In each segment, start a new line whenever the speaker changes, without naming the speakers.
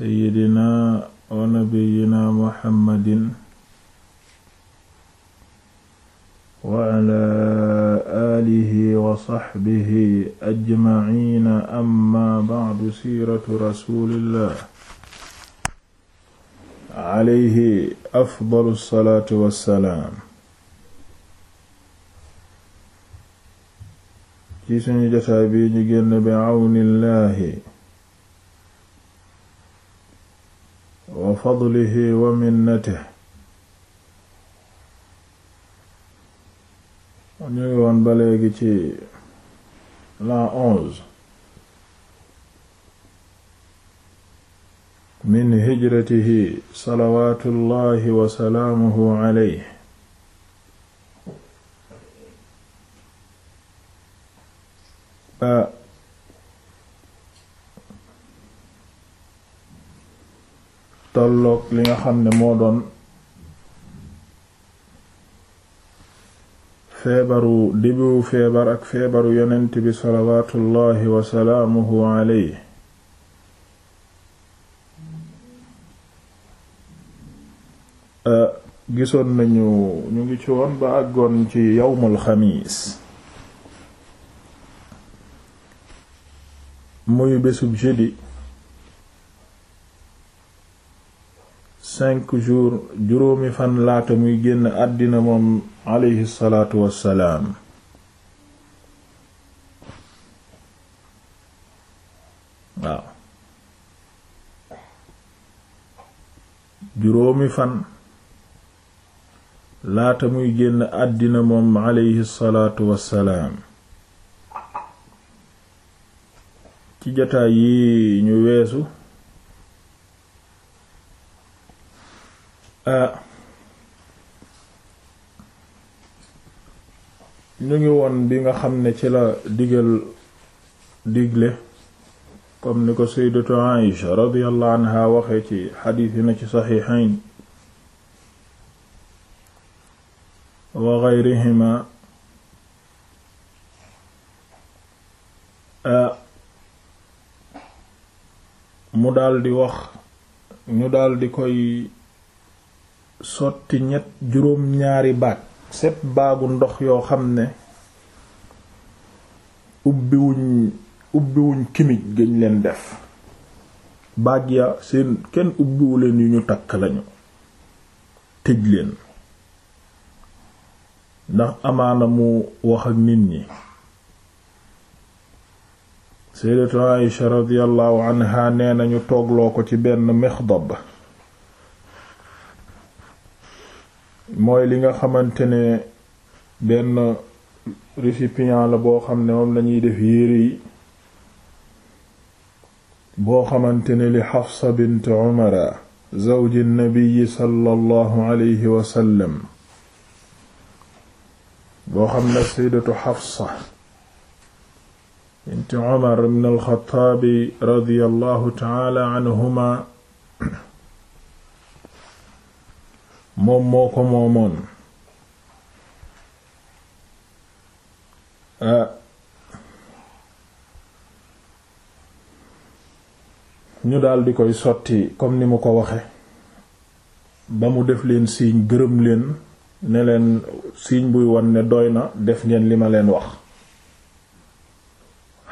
seyyidina wa nabiyina muhammadin wa ala alihi wa saxbihi ajmaciina amma bacdu siiratu rasulillah alayhi afdalu salaatu wa salaam ci sunu jotaay bi ñu génn bi awnillahi fadlihi wa minnatihi ñu ngi woon ba léegi ci l'an onze min hijratihi salawaatullahi wa salaamuhu alayhi a tolloog li nga xam ne moo doon feebaru dibiwu feebar ak feebaru yonent bi salawaatullahi wasalaamuhu aleyhi euh, gisoon nañu ñu ngi ci woon ba àggoon ci yawmul xamiis muy bésub jeudi cinq juróomi fan laata muy génn àddina moom aleyhi salaatu wassalaam juróomi fan laata muy génn àddina moom aleyhi salaatu wassalaam ci jataay yi ñu weesu Euh, ñu ngi woon bi nga xam ne ci la digal digle comme ni ko sayyidatu Aïsha radiyallahu anha waxee ci xadiis yi na ci saxiixayn wa gayrihima euh, mu daldi wax ñu daldi koy sotti ñett juróom ñaari baag set baagu ndox yoo xam ne ubbiwuñ ubbiwuñ kimij gañ leen def baag ya seen kenn ubbiwu yu ñu takk lañu tëj leen ndax amaana mu wax ak nit ñi sayyidatu Aisha radiyallahu anha nee nañu toogloo ko ci benn mexdab mooy li nga xamante ne benn récipient la boo xam ne moom lañuy def yére boo xamante ne li Xafsa bint Umara zawji nabiyi sallallahu alayhi wa sallam boo xam ne sayyidatu Xafsa bint Umar ibn al-Xattaab radiyallahu ta'ala anhuma moom moo ko moomoon euh, ñu daldi koy sotti comme ni mu ko waxe ba mu def leen siiñ gërëm leen ne leen siiñ buy wan ne doy na def ngeen li ma leen wax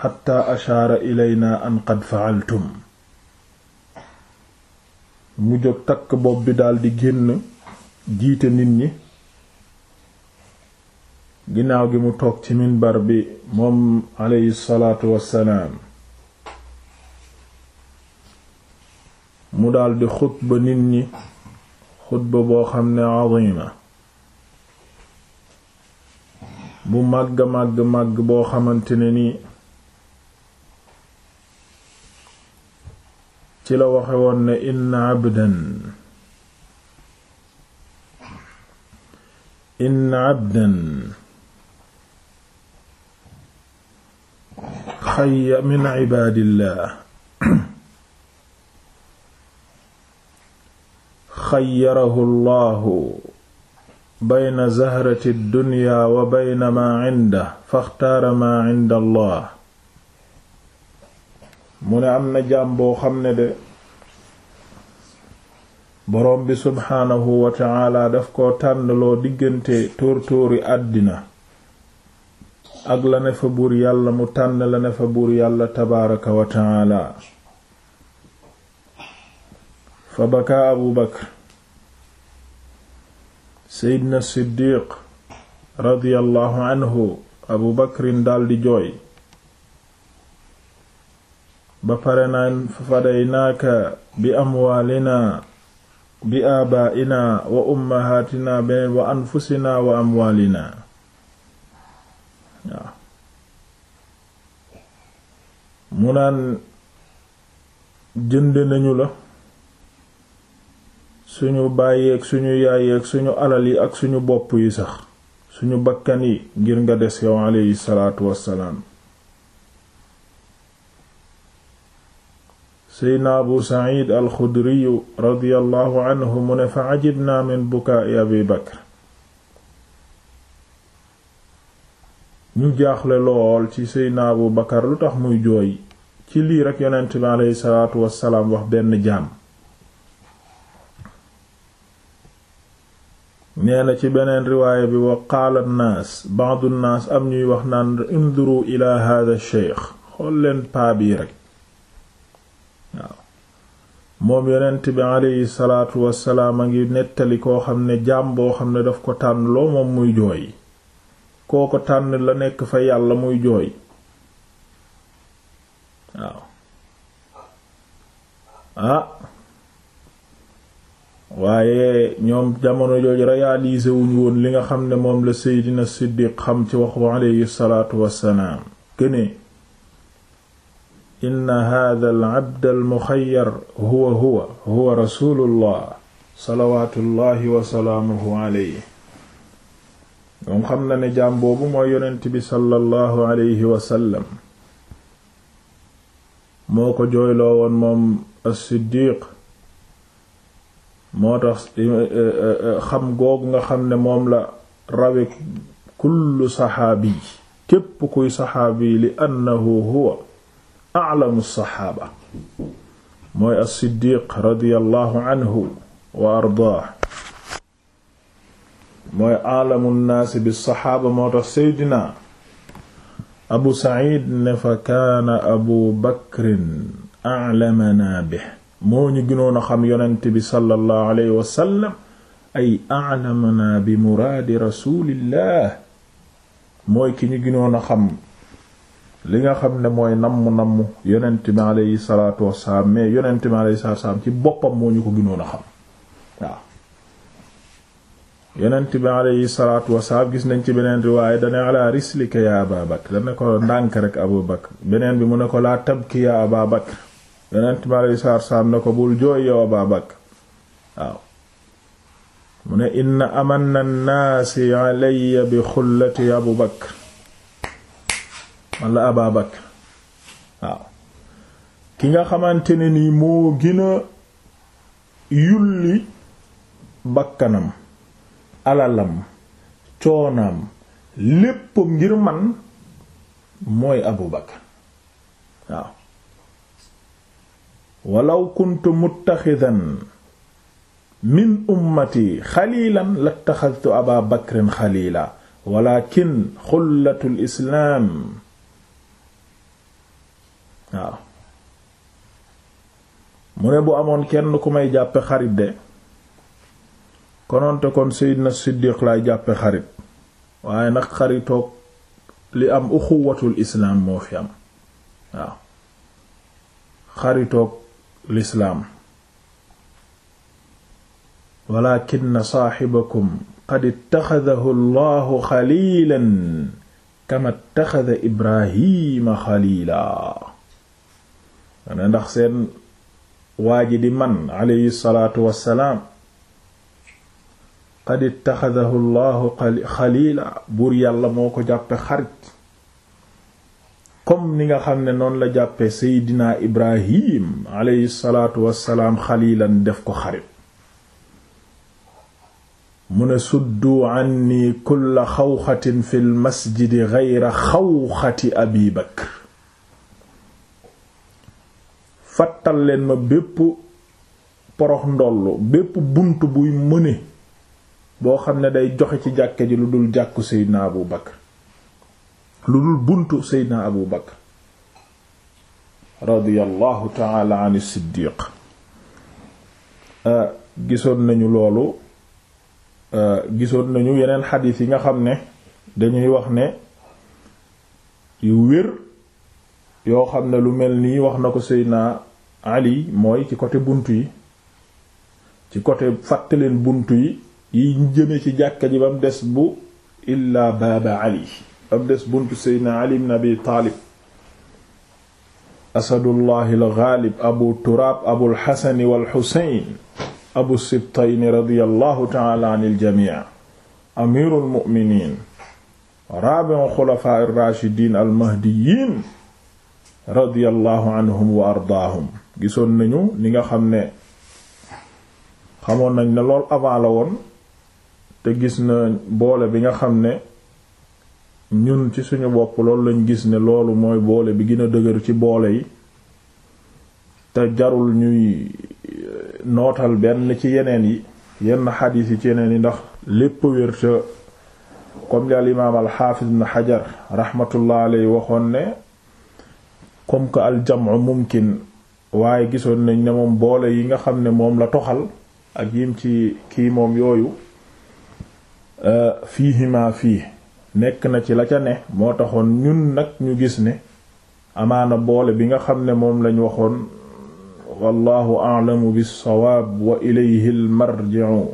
xatta ashaara ilayna an qad fa'altum mu jóg takk bopp bi daldi génn jiite nit ñi ginnaaw gi mu toog ci bar bi moom aleyhi salaatu wassalaam mu daldi ba nit ñi xutba boo xam ne azima bu màgg màgg màgg boo xamante ne nii ci la waxe woon ne inna abdan in abdan xayya min ibaadillah xayyarahu llahu bayna zahrati dunya wa bayna maa cinda faxtaara maa cinda allah mu ne am na jaam boo xam ne de boroom bi subxaanahu wa taala daf ko tànnloo diggante tóor-tóori àddina ak la ne fa buur yàlla mu tànn la ne fa buur yàlla tabaaraka wa taala fa bakaa abu bakr seydna siddiq radiyallahu anhu abu bakrin daldi jooy ba pare naan fafadaynaaka bi amwaalinaa bi aabaaina wa ummahaatina beneen wa anfusina wa amwaalina waaw mu naan jënd nañu la suñu baay suñu yaay suñu alal yi ak suñu bopp yi sax suñu bakkan yi ngir nga des yow aleyhi salaatu wassalaam seydna abu sacid alxudriyu radiyallahu anhu mu ne fa ajibna min bukaa'i abi bakr ñu jaaxle lool ci seydna abu bakar lu tax muy jooy ci lii rekk yonent bi aleyhi wax benn jaam nee ci beneen riwaaya bi wa qaala nnaas ba'du nnaas am ñuy wax naan induru ila hadha sheikh xool leen paa rekk waaw moom yonent bi aleyhi salaatu wassalaam a ngi nettali koo xam ne jaam boo xam ne daf ko tànn loo moom muy jooy koo tànn la nekk fa yàlla muy jooy waaw ah waaye ñoom jamono jooju réalisé wuñu woon li nga xam ne moom la seydina siddiq xam ci waxu aleyhi salaatu wassalaam këne inna hada al abd al muxayyar huwa huwa huwa rasulullah salawatullahi wasalaamuhu alayhi moom xam na ne jaam boobu mooy yonent bi sallallahu alayhi wasallam moo ko jooyloo woon moom as-siddiq moo tax eh, eh, eh, xam googu nga xam ne moom la rawe kullu saxaabi képp kuy saxaabi li annahu a'lamu saxaaba mooy as-Siddiq radiyallahu anhu wa ardaah mooy a'lamu nnaasi bi saxaaba moo tax Seydina Abu Saïd ne fa kaana Abu Bakrin a'lamanaa bi moo ñu gënoon a xam yonent bi sallallahu alayhi wa sallam ay a'lamanaa bi muraadi rasulillah mooy ki ñu gënoon a xam. li nga xam ne mooy namm namm yonent bi alayhi salaatu wassalaam mais yonent bi alayhi salaatu wassalaam ci boppam moo ñu ko gënoon a xam waaw yonent bi alayhi salaatu wassalaam gis nañ ci beneen riwaaye dane ala rislika ya aba bakr dane ko ndànk rek abu bakr beneen bi mu ne ko laa tabki ya aba bakr yonent bi alayhi salaatu wassalaam ne ko bul jooy yow aba bakr waaw mu ne inna amanna naasi alayya bi xullati abu bakr walla waaw ki nga xamante ne ni moo gën a yulli bakkanam alalam coonaam léppam ngir man mooy Abu Bakr waaw walaw kuntu muttaxidan min ummati xalilan lattaxadtu Abaa Bakrin xalila walakin xullatul islaam waaw mu ne bu amoon kenn ku may jàppe xarit de konoonte kon Seydina Siddiq laay jàppe xarit waaye nag xaritook li am uxuwatul islaam moo fi am waaw xaritoog lislaam walakin saaxibakum qad ittaxadahu allahu xaliilan kama ittaxada ibrahima xaliila ne ndax seen waa man alayhi salaatu wassalaam qad ittaxadahu llahu xalila buur yàlla moo ko jàppe xarit comme ni nga xam ne noonu la jàppe seydina ibrahim alayhi salaatu wassalaam xalilan def ko xarit mu ne suddu anni kulla xawxatin fil masjidi gayra xawxati abi fattal leen ma bépp porox ndollu bépp bunt buy mëne boo xam ne day joxe ci jàkke ji lu dul jàkku seydina abu bakar lu dul buntu seydina abu bakar radiyallahu taala an siddiq euh, gisoon nañu loolu euh, gisoon nañu yeneen xadiis yi nga xam ne dañuy wax ne yu wér yoo xam ne lu mel nii wax na ko seydina ali mooy ci côté bunt yi ci côté fàttaleen bunt yi yi jëme ci jàkka ji ba bu illa baaba ali ba buntu seydna ali ibn abi taalib asadullahi al ghalib abu turaab abul xasani wal xuseyn abu sibtayni radiyallahu taala an il jamii amiru almu'miniin raabiu xulafaa ar raashidiin al mahdiyiin radiyallahu anhum wa ardaahum gisoon nañu ni nga xam ne xamoon nañ ne lool avant la woon te gis na boole bi nga xam ne ñun ci suñu bopp loolu lañ gis ne loolu mooy boole bi gën a dëgër ci boole yi te jarul ñuy euh, nootal benn ci yeneen yi yenn xadiis yi ci yeneen yi ndax lépp wér te comme li al imaam al xaafiz xajar raxmatullah alayhi waxoon ne comme que al mumkin waaye gisoon nañ ne moom boole yi nga xam ne moom la toxal ak yim ci kii moom yooyu euh, fiihima fii nekk na ci la ca ne moo taxoon ñun nag ñu gis ne amaana boole bi nga xam ne moom lañ waxoon wallahu a'lamu bis-sawaab wa ilayhi al-marji'u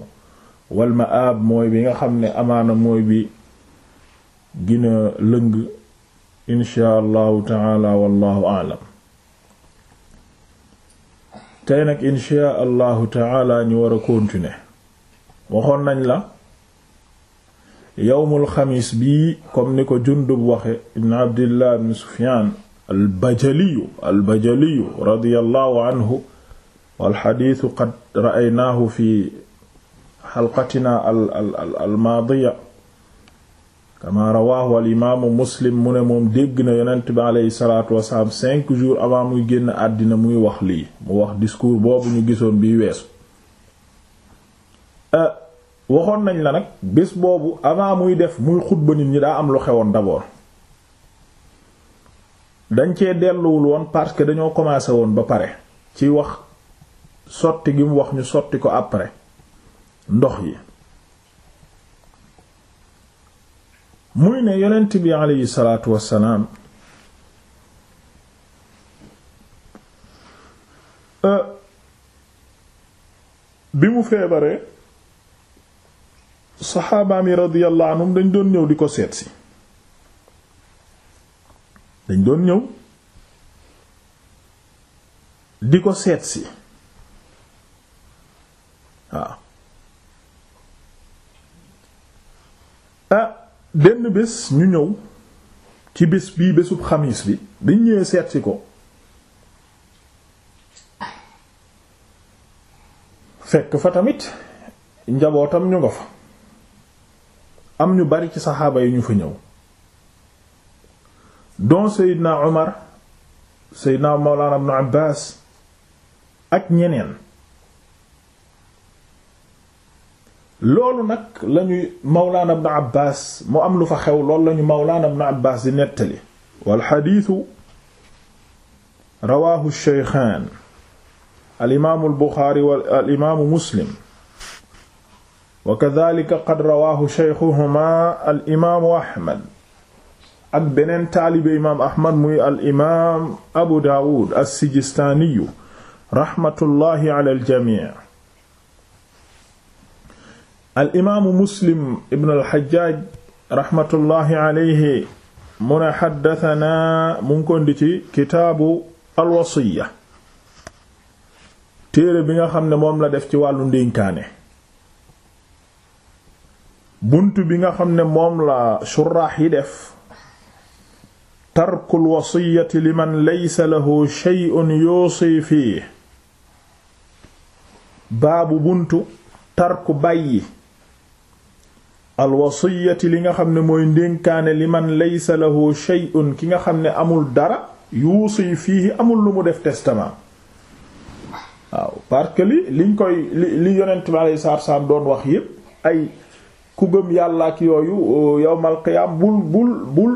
wal ma'aab mooy bi nga xam ne amaana mooy bi gina lëng insha allahu taala wallahu a'lam tey nag insha allahu taala ñu war a continuer waxoon nañ la yowmul xamis bii comme ni ko jundub waxe ibn abdillah ibn sufyan al al bajaliyu radiyallahu anhu wal qad ra'aynaahu fi xalqatina al al al maadiya kama rawahu al imaamu muslim mu ne moom dégg na yonent bi aleyhi salaatu wasalaam cinq jours avant muy génn àddina muy wax lii mu wax discours boobu ñu gisoon bi weesu euh, waxoon nañ la nag bés boobu avant muy def muy xutba nit ñi daa am lu xewoon d'abord dañ cee delluwul woon parce que dañoo commencé woon ba pare ci wax sotti gi mu wax ñu sotti ko après ndox yi muy ne yonent bi aleyhi salaatu wassalaam euh, bi mu feebaree saxaabaam yi radiyallahu anhum dañ doon ñëw di ko seetsi dañ doon ñëw di ko seetsi waaw euh, benn bés ñu ñëw ci bés bii bésub xamiis bi dañ seetsi ko fekk fa tamit njabootam ñu nga fa am ñu bari ci saxaaba yi ñu fa ñëw don Seydina na Seydina Mawlana Ibn Abbas ak ñeneen loolu nag lañuy mawlaana ibn abbaas mu am lu fa xew loolu lañu mawlaana ibn abbaas di nettali wal xadiisu rawaahu shaykhaan al imaamu al buxaari wal imaamu muslim wa kadaalika qad rawaahu shaykhuhumaa al imaamu ahmad ak beneen taalibe imaam ahmad muy al imaam abu daawuud as-sijistaaniyu raxmatullaahi alal jamii al imaamu muslim ibn al xajjaaj raxmatullahi alayhi mu ne xaddatanaa mu ci kitaabu alwasiya téere bi nga xam ne moom la def ci wàllu ndénkaane bunt bi nga xam ne moom la suraax yi def tarkul wasiyati liman laysa lahu shay'un yuusi fiihi baabu buntu tarku bàyyi alwasiyati li nga xam ne mooy ndénkaane li man laysa lahu shay'un ki nga xam ne amul dara yuusi fii amul lu mu def testament waaw parce que li liñ koy li li yonent bi alayhi salaatu salaam doon wax yépp ay ku gëm yàlla ak yooyu uh, yawmal qiyaam bul bul bul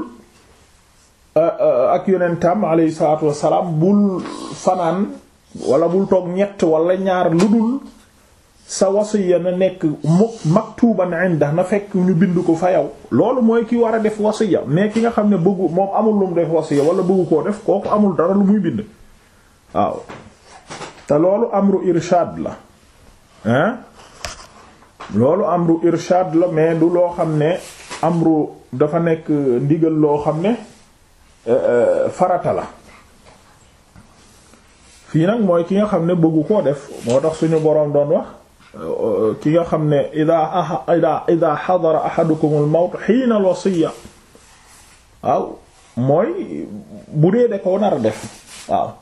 uh, uh, ak yonentam alayhi salaatu wassalaam bul fanaan wala bul toog ñett wala ñaar lu dul sa wasiya na nekk maktuban inda na fekk ñu bind ko fa yow loolu mooy ki war a def wasiya mais ki nga xam ne bëggu moom amul lu mu def wasiya wala bëggu koo def kooku amul dara lu muy bind waaw te loolu amru irshad la hein loolu amru irshad la mais du loo xam ne amru dafa nekk ndigal loo xam ne eh, eh, farata la fii nag mooy ki nga xam ne bëggu koo def moo tax suñu boroom doon wax ki nga xam ne ida ida ida xadara ahadukum al mawt xiina al wasiya waaw mooy bu dee da ko nar def waaw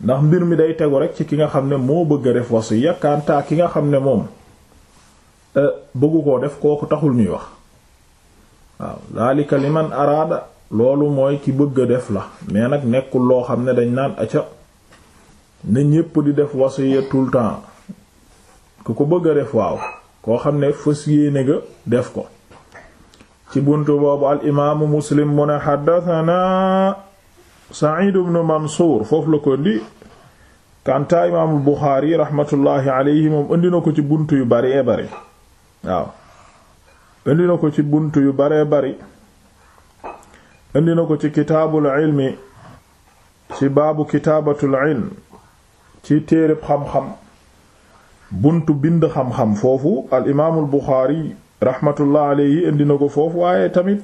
ndax mbir mi day tegu rek ci ki nga xam ne moo bëgg a def wasiya ki nga xam ne moom e, bëggu koo def kooku taxul ñuy wax waaw daalika man araada loolu mooy ki bëgg a def la mais nag nekkul loo xam ne dañ naan aca na ñépp di def wasiya tout le temps ku ko bëgg a def waaw koo xam ne fas yéene nga def ko ci bunt boobu al imaamu muslim mu ne xaddathana Sa'id ibn Mansuur foofu la ko indi kanta imaamul Buxaari raxmatullaahi moom indi na ko ci bunt yu bari e bari waaw indi na ko ci bunt yu baree bari indi na ko ci kitaabul ilmi ci baabu kitaabatul ilm ci téereb xam-xam buntu bind xam-xam foofu al imaamul Buxaari rahmatullah alayhi indi ko foofu waaye tamit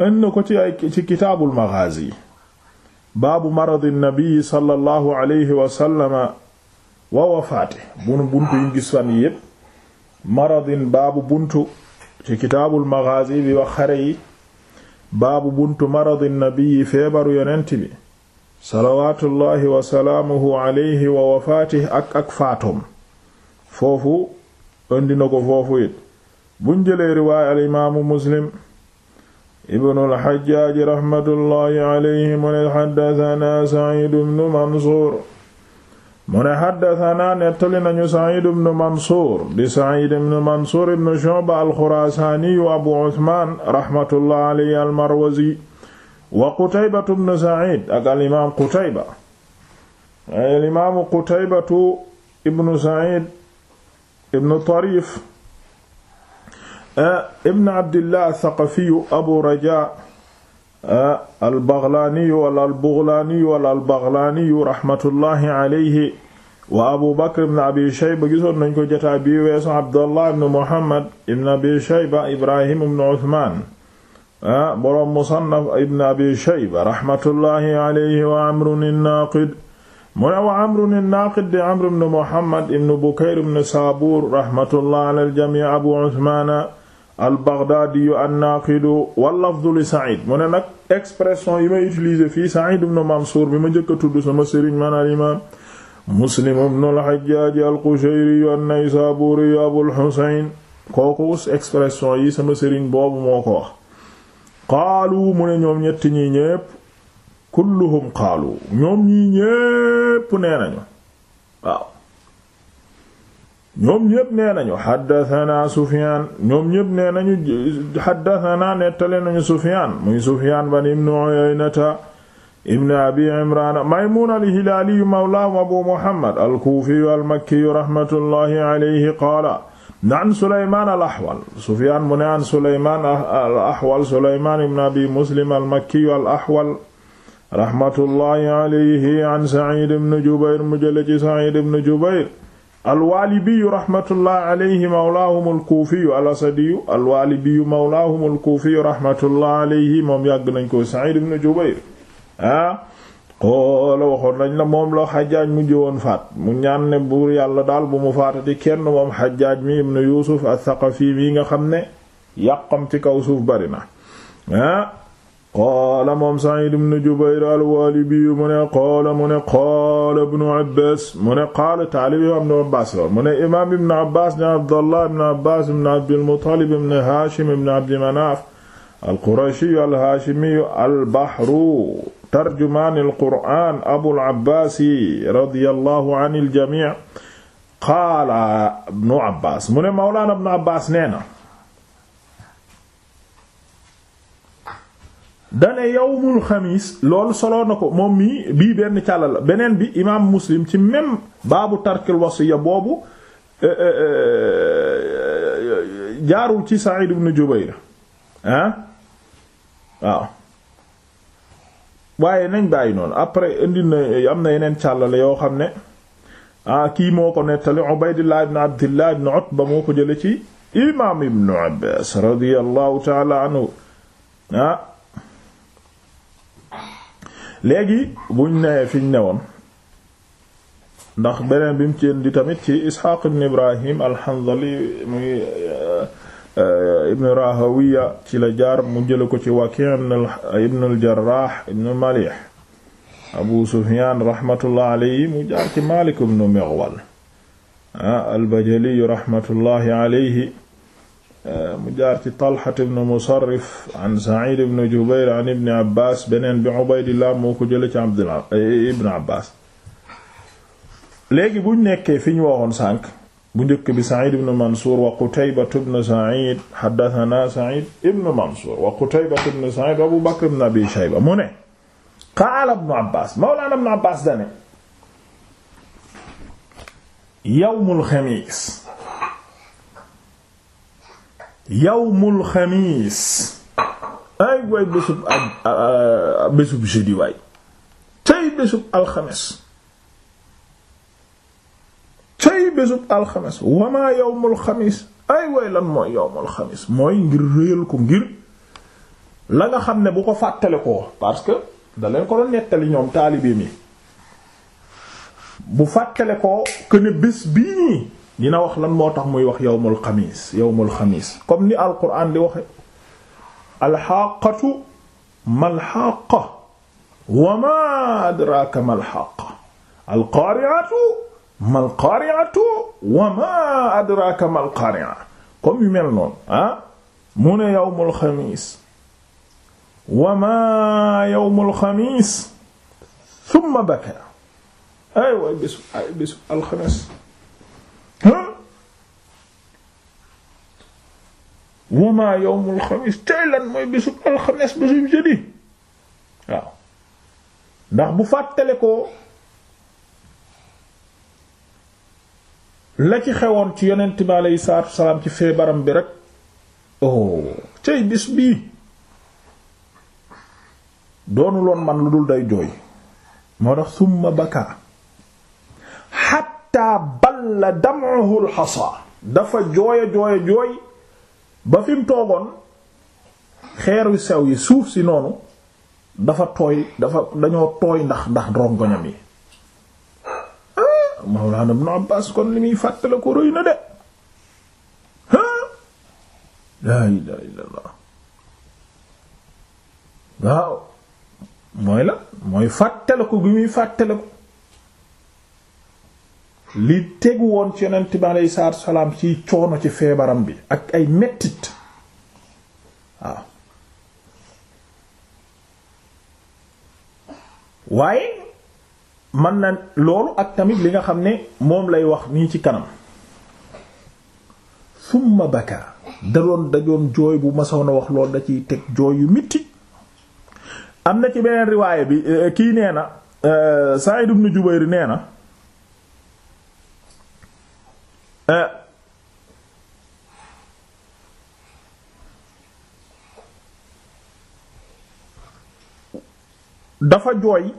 indi na ko ci ay ci kitaabul maghaazi baabu maradi nabii sallallahu alayhi wa sallama wa wafaate yi gis fan maradin baabu buntu ci kitaabul maghaazi bi wax baabu buntu maradi nabii feebaru yonent bi salawatullahi wa salaamuhu wa wafaatih ak ak faatoom foofu indi na ko foofu it buñ jëlee riwaaya al imaamu muslim ibnu alxajaaji raxmatullahi alayhi mu ne xaddatanaa sacidu bnu mansuur mu ne xaddatanaa nettali nañu sacidu bnu mansuur di sacid bnu mansuur ibnu shuba alxuraasaaniyu abu usmaan raxmatullahi alayhi almarwazi wa qutaybatu bnu sacid ak alimaam qutayba alimaamu qutaybatu ibnu sacid ibnu tarif eh, ibnu abdillah thaqafiyu abu raja eh, albaghlaaniyu wala albughlaaniyu wala albaghlaaniyu rahmatullahi alayhi wa abu bakr ibn abi shayba gisoon nañ ko jataa bi weesu abdullah ibn muhammad ibn abi shayba ibrahim ibn uthman eh, boroom musannaf ibn abi shayba rahmatullahi alayhi wa amrun an-naqid mu ne wa amrun naaqid di amr ibn muhammad ibn bukayr ibn saabuur rahmatullah ala aljamii abu usmaana albaghdaadiyu annaaqidu wa li said mu ne nag expression yi may utiliser fii said ibn mansuur bi ma njëkk a tudd sama sëriñ man al imaam muslim ibn al-hajjaaji al-qushayriyu an-naysaabuuriyu abul husayn expression yi sama sëriñ boobu moo ko wax qaalu mu ñoom ñetti ñi ñépp kulluhum qaalu ñoom ñii ñépp nee nañu waaw ñoom ñépp nee nañu xaddatanaa Sufyaan ñoom ñépp nee nañu xaddatanaa nettale nañu Sufyaan muy Sufyaan ban ibnu Uyaynata ibnu abi Imraan Maymuun al-Hilaaliyu mawlaahum abu Muhammad al-Kuufiyu al-Makkiyu raxmatullaahi alayhi qaala an Sulaymaan al-Ahwal Sufyaan mu ne an Sulaymaan al-Ahwal Sulaymaan ibnu abi Muslim al-Makkiyu al-Ahwal raxmatullahi alayhi an Saciid ibn Jubayr mu jële ci Saciid ibn Jubayr alwaalibiyu raxmatullahi alayhi mawlaahum alkuufiyu alasadiyu alwaalibiyu mawlaahum alkuufiyu raxmatullahi alayhi moom yàgg nañ ko Saciid ibn Jubayr ah xoola waxoon nañ la moom la xajaaj mu jëwoon faat mu ñaan buur yàlla daal bu mu faatati kenn moom xajaaj mi ibn Yuusuf al Thaqafi mi nga xam ne yàqam ci kaw suuf bari na ah, qaala moom Saciid ibnu Jubayr al-Waalibiyu mu ne qaala mu ne qaala ibnu Abbaas mu ne qaala taalib imaam ibnu Abbaas la mu ne imaam ibnu Abbaas ne Abdallah ibnu Abbaas ibnu Abdil Muttalib ibnu Haashim ibnu Abdi Manaaf al-Qurashiyu al-Haashimiyu al-Bahru tarjumaanil Qur'aan Abul Abbaasi radiyallahu anil jamii' qaala ibnu Abbaas mu ne mawlaana ibnu Abbaas nee na dane yawmul xamiis loolu soloo na ko moom mii bii benn càllal beneen bi imaam muslim ci même baabu tarkil wasiya boobu eh, eh, eh, jaarul ci Sa'id ibn Jubayr ah waaw waaye nañ bàyyi noonu après indi na am na yeneen càllale yoo xam ne ah kii moo ko nettali Ubaydillah ibn Abdillah ibn Utba moo ko jële ci imaam ibn Abbaas radiyallahu ta'ala anhu ah. léegi buñ nee fiñ ne woon ndax beneen bi mu ci indi tamit ci Isxaaq ibn Ibrahim al-Hanzali muy euh, ibn Rahawiya ci la jar mu jële ko ci Waki' ibn al-Jarrah ibn Malih Abu Sufyan rahmatullah alayhi mu jaar ci Malik ibn Mughwal al ah, rahmatullah alayhi mu jaar ci Talhat ibn Musarrif an Sa'id ibn Jubayr an ibn Abbas beneen bi Ubaydillah moo ko jële ci Abdullah eh, ibn Abbas léegi buñ nekkee fi ñu waxoon sànq bu njëkk bi Sa'id ibn Mansur wa Qutayba ibn Sa'id haddathana Sa'id ibn Mansur wa Qutayba ibn Sa'id wa Abu Bakr ibn Abi Shayba mu ne qaala ibn Abbas mawlana ibn Abbas dane yawmul xamiis yawmul xamiis ay waay bésub ak bésub jeudi waay tey bésub alxames tey bésub alxames wamaa yawmul xamiis ay waay lan mooy yawmul xamiis mooy ngir réyal ko ngir la nga xam ne bu ko fàttale ko parce que da ko doon nettali ñoom taalibe mi bu fàttale ko que bés bii nii dina wax lan moo tax muy wax yawmul xamiis yawmul xamiis comme ni alquran di waxe alxaqatu malxaqa wa ma adraka malxaqa alqariatu malqariatu wa ma adraka malqaria comme yu mel noonu ah mu ne yawmul xamiis wa ma yawmul xamiis summa baka ay waay bisu ay bisu alxamiis wama yawmul xamis tey lan mooy bésub waaw ndax bu fàttale ko la ci xewoon ci yonent bi aleyhi salaatu ci feebaram bi rek oh tey bis bii doonu loon man lu dul day jooy moo tax summa baka xatta balla dam'uhu alxasa dafa jooy a jooy a jooy ba fi mu toogoon xeer sew yi suuf si noonu dafa tooy dafa dañoo tooy ndax ndax rongoñam yi Mawlana Ibn Abbas kon li muy fàttale ko na de laa ilaaha illallah waaw mooy la mooy fàttale ko bi muy fàttale li tegu woon ci yonent salaam ci coono ci feebaram bi ak ay mettit waaw waaye man na loolu ak tamit li nga xam ne moom lay wax nii ci kanam summa baka da doon dajoon jooy bu masoon a wax lool da ciy teg jooy yu mitti am na ci beneen riwaaya bi kii nee na Sa'id ibn Jubayr nee na Euh. dafa jooy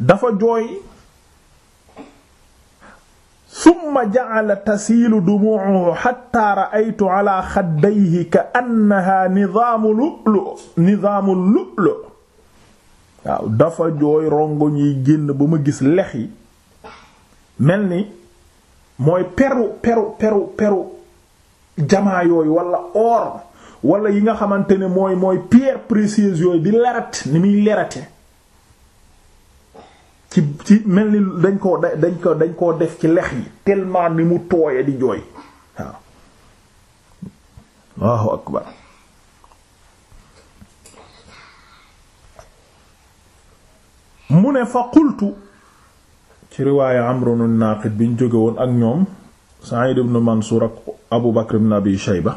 dafa jooy summa ja'ala tasiilu dumu'uhu hatta ra'aytu ala xaddayhi ka'annaha nidaamu lu'lu' nidaamu lu'lu' waaw dafa jooy rongoñ ñuy génn bu ma gis lex yi mel ni mooy peru peru peru peru jamaa yooyu wala or wala yi nga xamante ne mooy mooy pierre précieuse yooyu di lerat ni muy lerate ci ci mel ni dañ ko dañ ko dañ koo def ci lex yi tellement ni mu tooye di jooy waaw Allahu akbar mu ne fa qultu ci riwaaye amrun an bi ñu jóge woon ak ñoom Sa'id ibn Mansur ak Abu Bakr ibn Shayba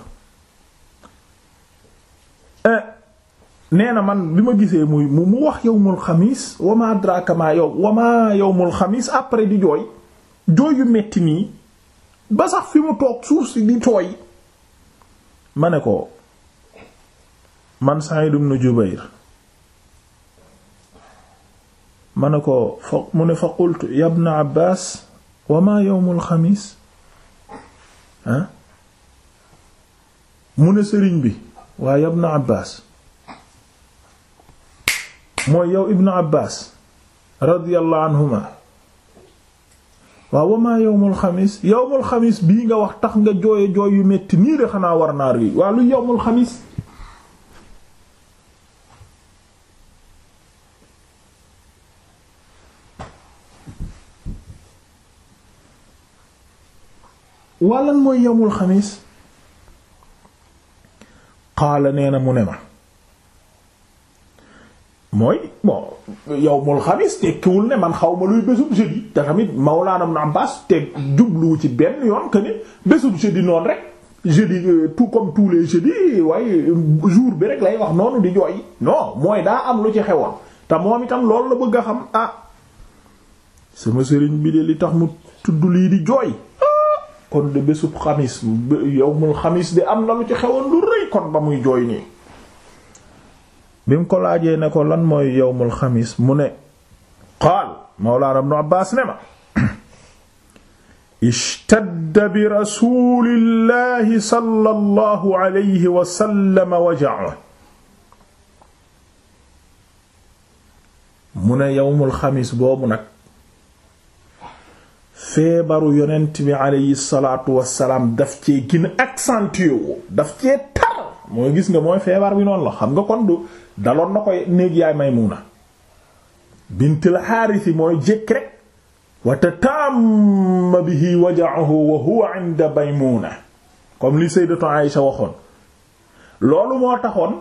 eh, nee na man bi ma gisee muy mu wax yawmul xamiis wama adraka ma yow wama yawmul xamiis après di jooy jooy yu metti nii ba sax fi mu toog suuf si di tooy ma ne ko man Sa'id ibn Jubayr ma ne ko mu ne fa qultu ya ibna Abbaas wa maa yawmul xamiis ah mu ne sëriñ bi waa ya ibna Abbaas mooy yow ibna Abbaas radiyallahu anhuma waaw wa maa yawmul xamiis yawmul xamiis bii nga wax tax nga jooye jooy yu metti nii de xanaa war naar yi waa lu yawmul xamiis wàllan mooy yowmul xamis xaala nee na mu ne ma mooy bon yowmul xamis tekkiwul ne man xaw ma luy bésub jeudi te tamit Mawlaana Ibn Abbaas te jubluwu ci benn yoon que ni bésub jeudi noonu rek jeudi euh, tout comme tous les jeudis waaye euh, jour bi rek lay wax noonu di jooy non mooy daa am lu ci xewoon te moom itam loolu la bëgg a xam ah sama sëriñ bi de li tax mu tudd lii di jooy kon de bésub xamis yowmul xamis de am na lu ci xewoon lu rëy kon ba muy jooy nii bi mu ko laajee ne ko lan mooy yowmul xamis mu ne qaal mawlaana ibnu abbaas ne ma ishtadda bi rasuulillahi sallallahu alayhi wa sallam mu ne yowmul xamis boobu nag feebaru yonent bi aleyhi salaatu wassalaam daf cee gën accentué wu daf cee tar mooy gis nga mooy feebar bi noonu la xam nga kon du daloon na koy néeg yaay Maymuna bintul Haarisi mooy jëkk rek wa tataamma bihi waja'uhu wa huwa 'inda Maymuna comme li sayyidatu Aïsha waxoon loolu moo taxoon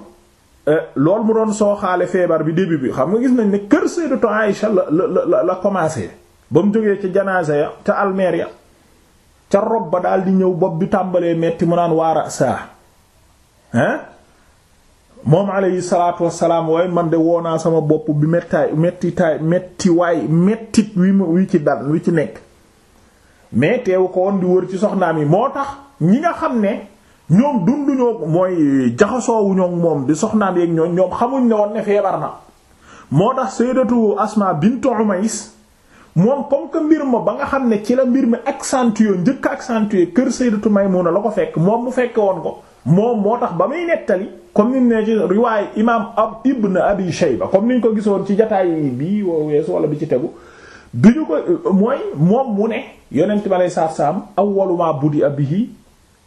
eh, loolu mu doon sooxaale feebar bi début bi xam nga gis nañ ne kër sayyidatu Aïsha la la la la commencé ba mu jógee ci janaasa ya ca almeer ya ca rob ba daal di ñëw bopp bi tàmbalee metti mu naan waara saa hein moom alayhi salaatu wassalaam waaye man de woonaa sama bopp bi metti taay metti waay mettit wi wi ci dal wi ci nekk mais teewu ko woon di wër ci soxnaam yi moo tax ñi nga xam ne ñoom dunduñoo mooy jaxasoowu ak di soxnaam yeeg ñooñ ñoom xamuñ ne woon ne feebar na moo tax sayyidatu Asma bintu Umays moom comme que mbir ma ba nga xam ne ci la mbir mi ak accentué njëkk accentué kër may Maymuna la ko fekk moom mu fekke woon ko moom moo tax ba muy nettali comme ni ne ci riwaay imaam ab ibn abi shayba comme ko gisoon ci jataay bii weesu wala bi ci tegu bi ñu ko mooy moom mu ne yonent bi aley saatu salaam awwalu ma budi abihi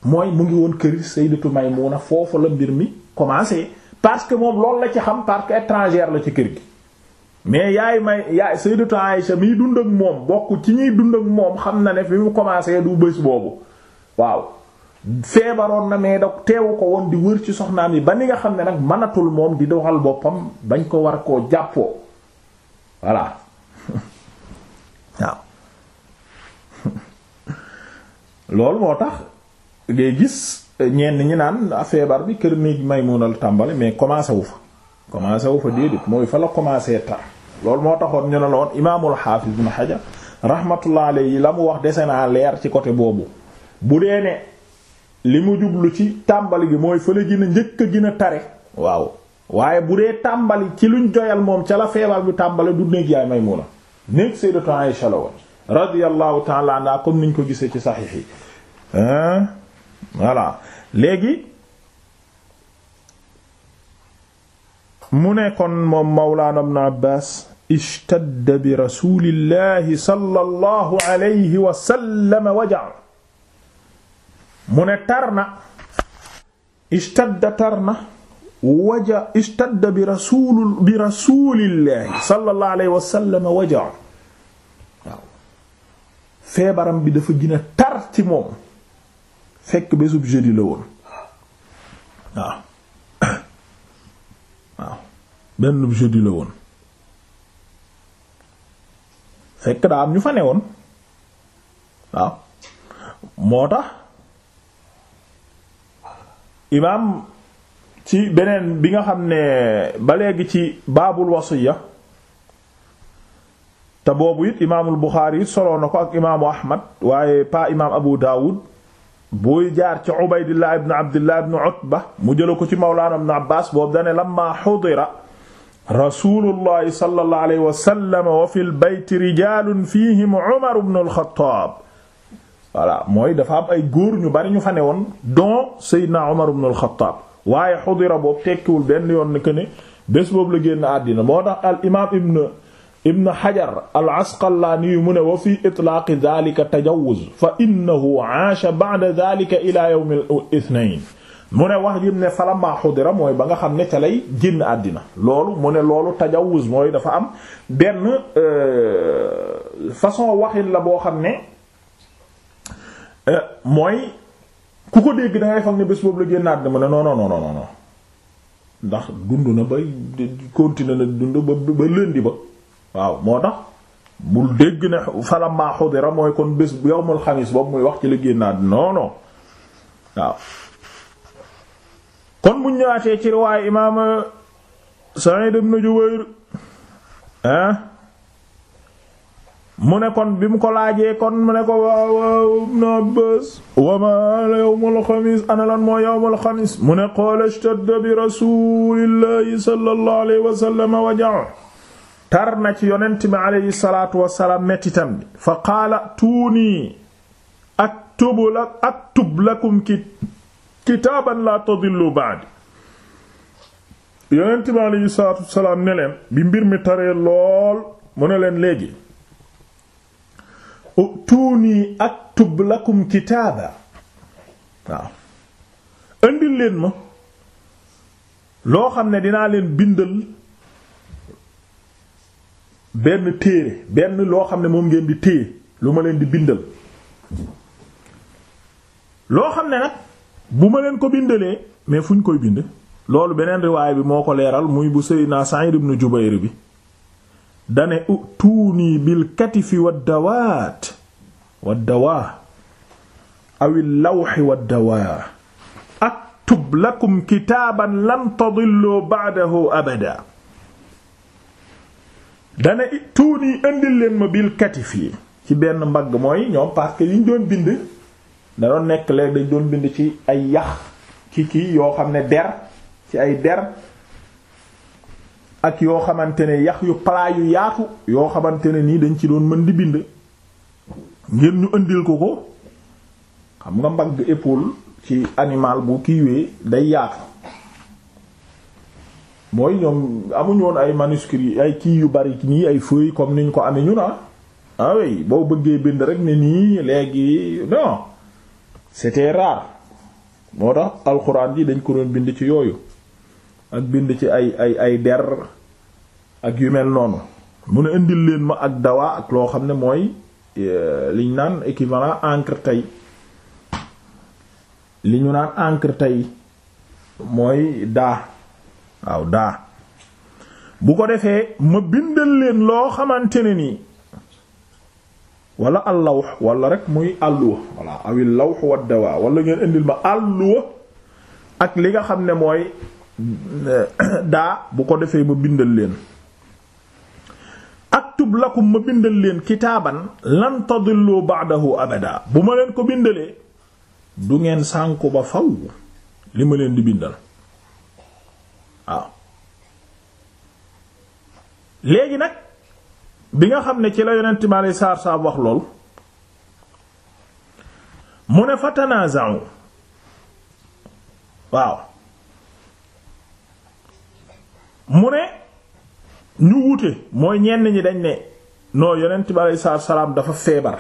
mooy mu ngi woon kër Sayyidatu Maymuna foofu la mbir mi commencé parce que moom loolu la ci xam parce que étrangère la ci kër gi mais yaay may yaay Sayyidatu Aïcha miy dund ak moom bokk ci ñuy dund ak moom xam na ne fi mu commencé du bés boobu waaw feebaroon na mais da teewu ko woon di wër ci soxnaam yi ba ni nga xam ne nag mënatul moom di doxal boppam bañ ko war koo jàppoo voilà waaw loolu moo tax ngay gis eh, ñenn ñi naan ah, feebar bi kër néeg may munal tàmbali mais commencé wu fa commencé wu fa déedéet mooy fa la commencé tar loolu moo taxoon ñu ne la woon imaamul xaafis ibn Hajar rahmatullah alayhi la mu wax dese naa leer ci côté boobu bu dee ne li mu jublu ci tàmbali gi mooy fële gën a njëkk a gën a tare waaw waaye bu dee tàmbali ci luñ joyal moom ca la feebar bi tàmbale du néeg yaay Maymuna néeg Sayyidatu Aïsha la woon radiyallahu ta'ala comme niñ ko gisee ci saxiix yi voilà léegi mu ne kon moom Mawlaana Ibn Abbaas ishtadda bi rasulillahi sallallahu alayhi wa sallam waja mu ne tar na ishtadda tar bi rasul bi rasulillahi sallallahu alayhi waja waaw bi dafa gën a ci moom fekk bésub jeudi la woon fekk daa am ñu fa newoon waaw moo tax imaam ci beneen bi nga xam ne ba léegi ci baabul wasiya te boobu it imaamul Buxaari it soloo na ko ak imaamu Ahmad waaye pa imaam Abu Daawud buy jaar ci Ubaydillah ibn Abdillah ibn Utba mu jëla ko ci mawlaana ibn Abbaas boobu dane lamma xudira rasulullahi sallallahu alayhi wa sallam wa fil bayti rijalun fihim Umar ibn al-Khattab voilà mooy dafa am ay góor ñu bari ñu fa ne woon don Seydina Umar ibn al-Khattab waaye xudira boobu tekkiwul benn yoon ne que ne bés boobu la génn àddina moo tax al imaam ibn ibn Hajar al-Asqalaani mu ne wa fi itlaaqi daalika tajawuz fa innahu aasha ba'da daalika ila yawm al-ithnayn mu ne wax yim ne falamma xudira mooy ba nga xam ne ca lay génn àddina loolu mu ne loolu tajawuz mooy dafa am benn euh, façon waxin la boo xam ne euh, mooy ku ko dégg da ngay foog ne bés boobu la génn àddina mu ne non non ndax dund na ba continuer na dund ba ba lëndi ba waaw moo tax bul dégg ne falamma xudira mooy kon bés yow yowmul xamis boobu muy wax ci la génn àddina non waaw kon bu ñëwaatee ci riwaayu imaam Sa'id ibn Jubayr ah mu ne kon bi mu ko laajee kon mu ne ko waaw ibn Abbas wa ma yawmul xamiis ana lan moo yawmul xamiis mu ne qaala ishtadda bi rasuulillaahi sallallaahu alayhi wa sallam waja'u tar ci yonent mi salaatu wa salaam bi fa qaala tuuni aktub lakum kit kitaaban laa baax ba'di yonent bi aleyhi salaatu wasalaam ne bi mbir mi taree lool mu ne leen léegi utuuni aktub lakum kitaaba waaw indil leen ma loo xam ne dinaa leen bindal benn téere benn loo xam ne moom ngeen di téye lu ma leen di bindal loo xam ne nag bu ma leen ko bindalee mais fu ñu koy bind loolu beneen riwaay bi moo ko leeral muy bu Seydina Sa'id ibn Jubayr bi dane tuuni bil katifi wad dawaat awil lawxi wad dawaa aktub lakum kitaaban lan tadillu ba'dahu abada dane tuuni indil ma bil katifi ci benn mbagg mooy ñoom parce que liñ doon bind da doon nekk léegi dañ doon bind ci ay yax ki kii yoo xam ne der ci ay der ak yoo xamante ne yax yu palaa yu yaatu yoo xamante ne nii dañ ci doon mën di bind ngir ñu indil ko ko xam nga mbagg épaule ci animal bu kiiwee day yaatu mooy ñoom amuñ woon ay manuscrits ay kii yu bari nii ay feuilles comme niñ ko amee ñu na ah, ah boo bëggee bind rek ne nii léegi non. c'était rare moo tax alxuraan ji dañ ko doon bind ci yooyu ak bind ci ay ay ay der ak yu mel noonu mu ne indil leen ma ak dawaa ak loo xam ne mooy eh, liñ naan équivalent encre tey li ñu naan encre tey mooy daa waaw daa bu ko defee ma bindal leen loo xamante ne nii wala allawx walla rekk muy àlluwa wala awil lawx wa dawaa wala ngeen indil ma àlluwa ak li nga xam ne mooy euh, daa bu ko defee ma bindal leen aktub lakum ma bindal leen kitaaban lan tadillu ba'dahu abada bu ma leen ko bindalee du ngeen sànku ba faw li ma leen di bindal waaw léegi nag bi nga xam ne ci la yonent mi aleyhi salaatu salaam wax lool mu ne fatanaaza'u waaw mu ne ñu wute mooy ñenn ñi dañ ne non yonent bi aleyhi salaatu salaam dafa feebar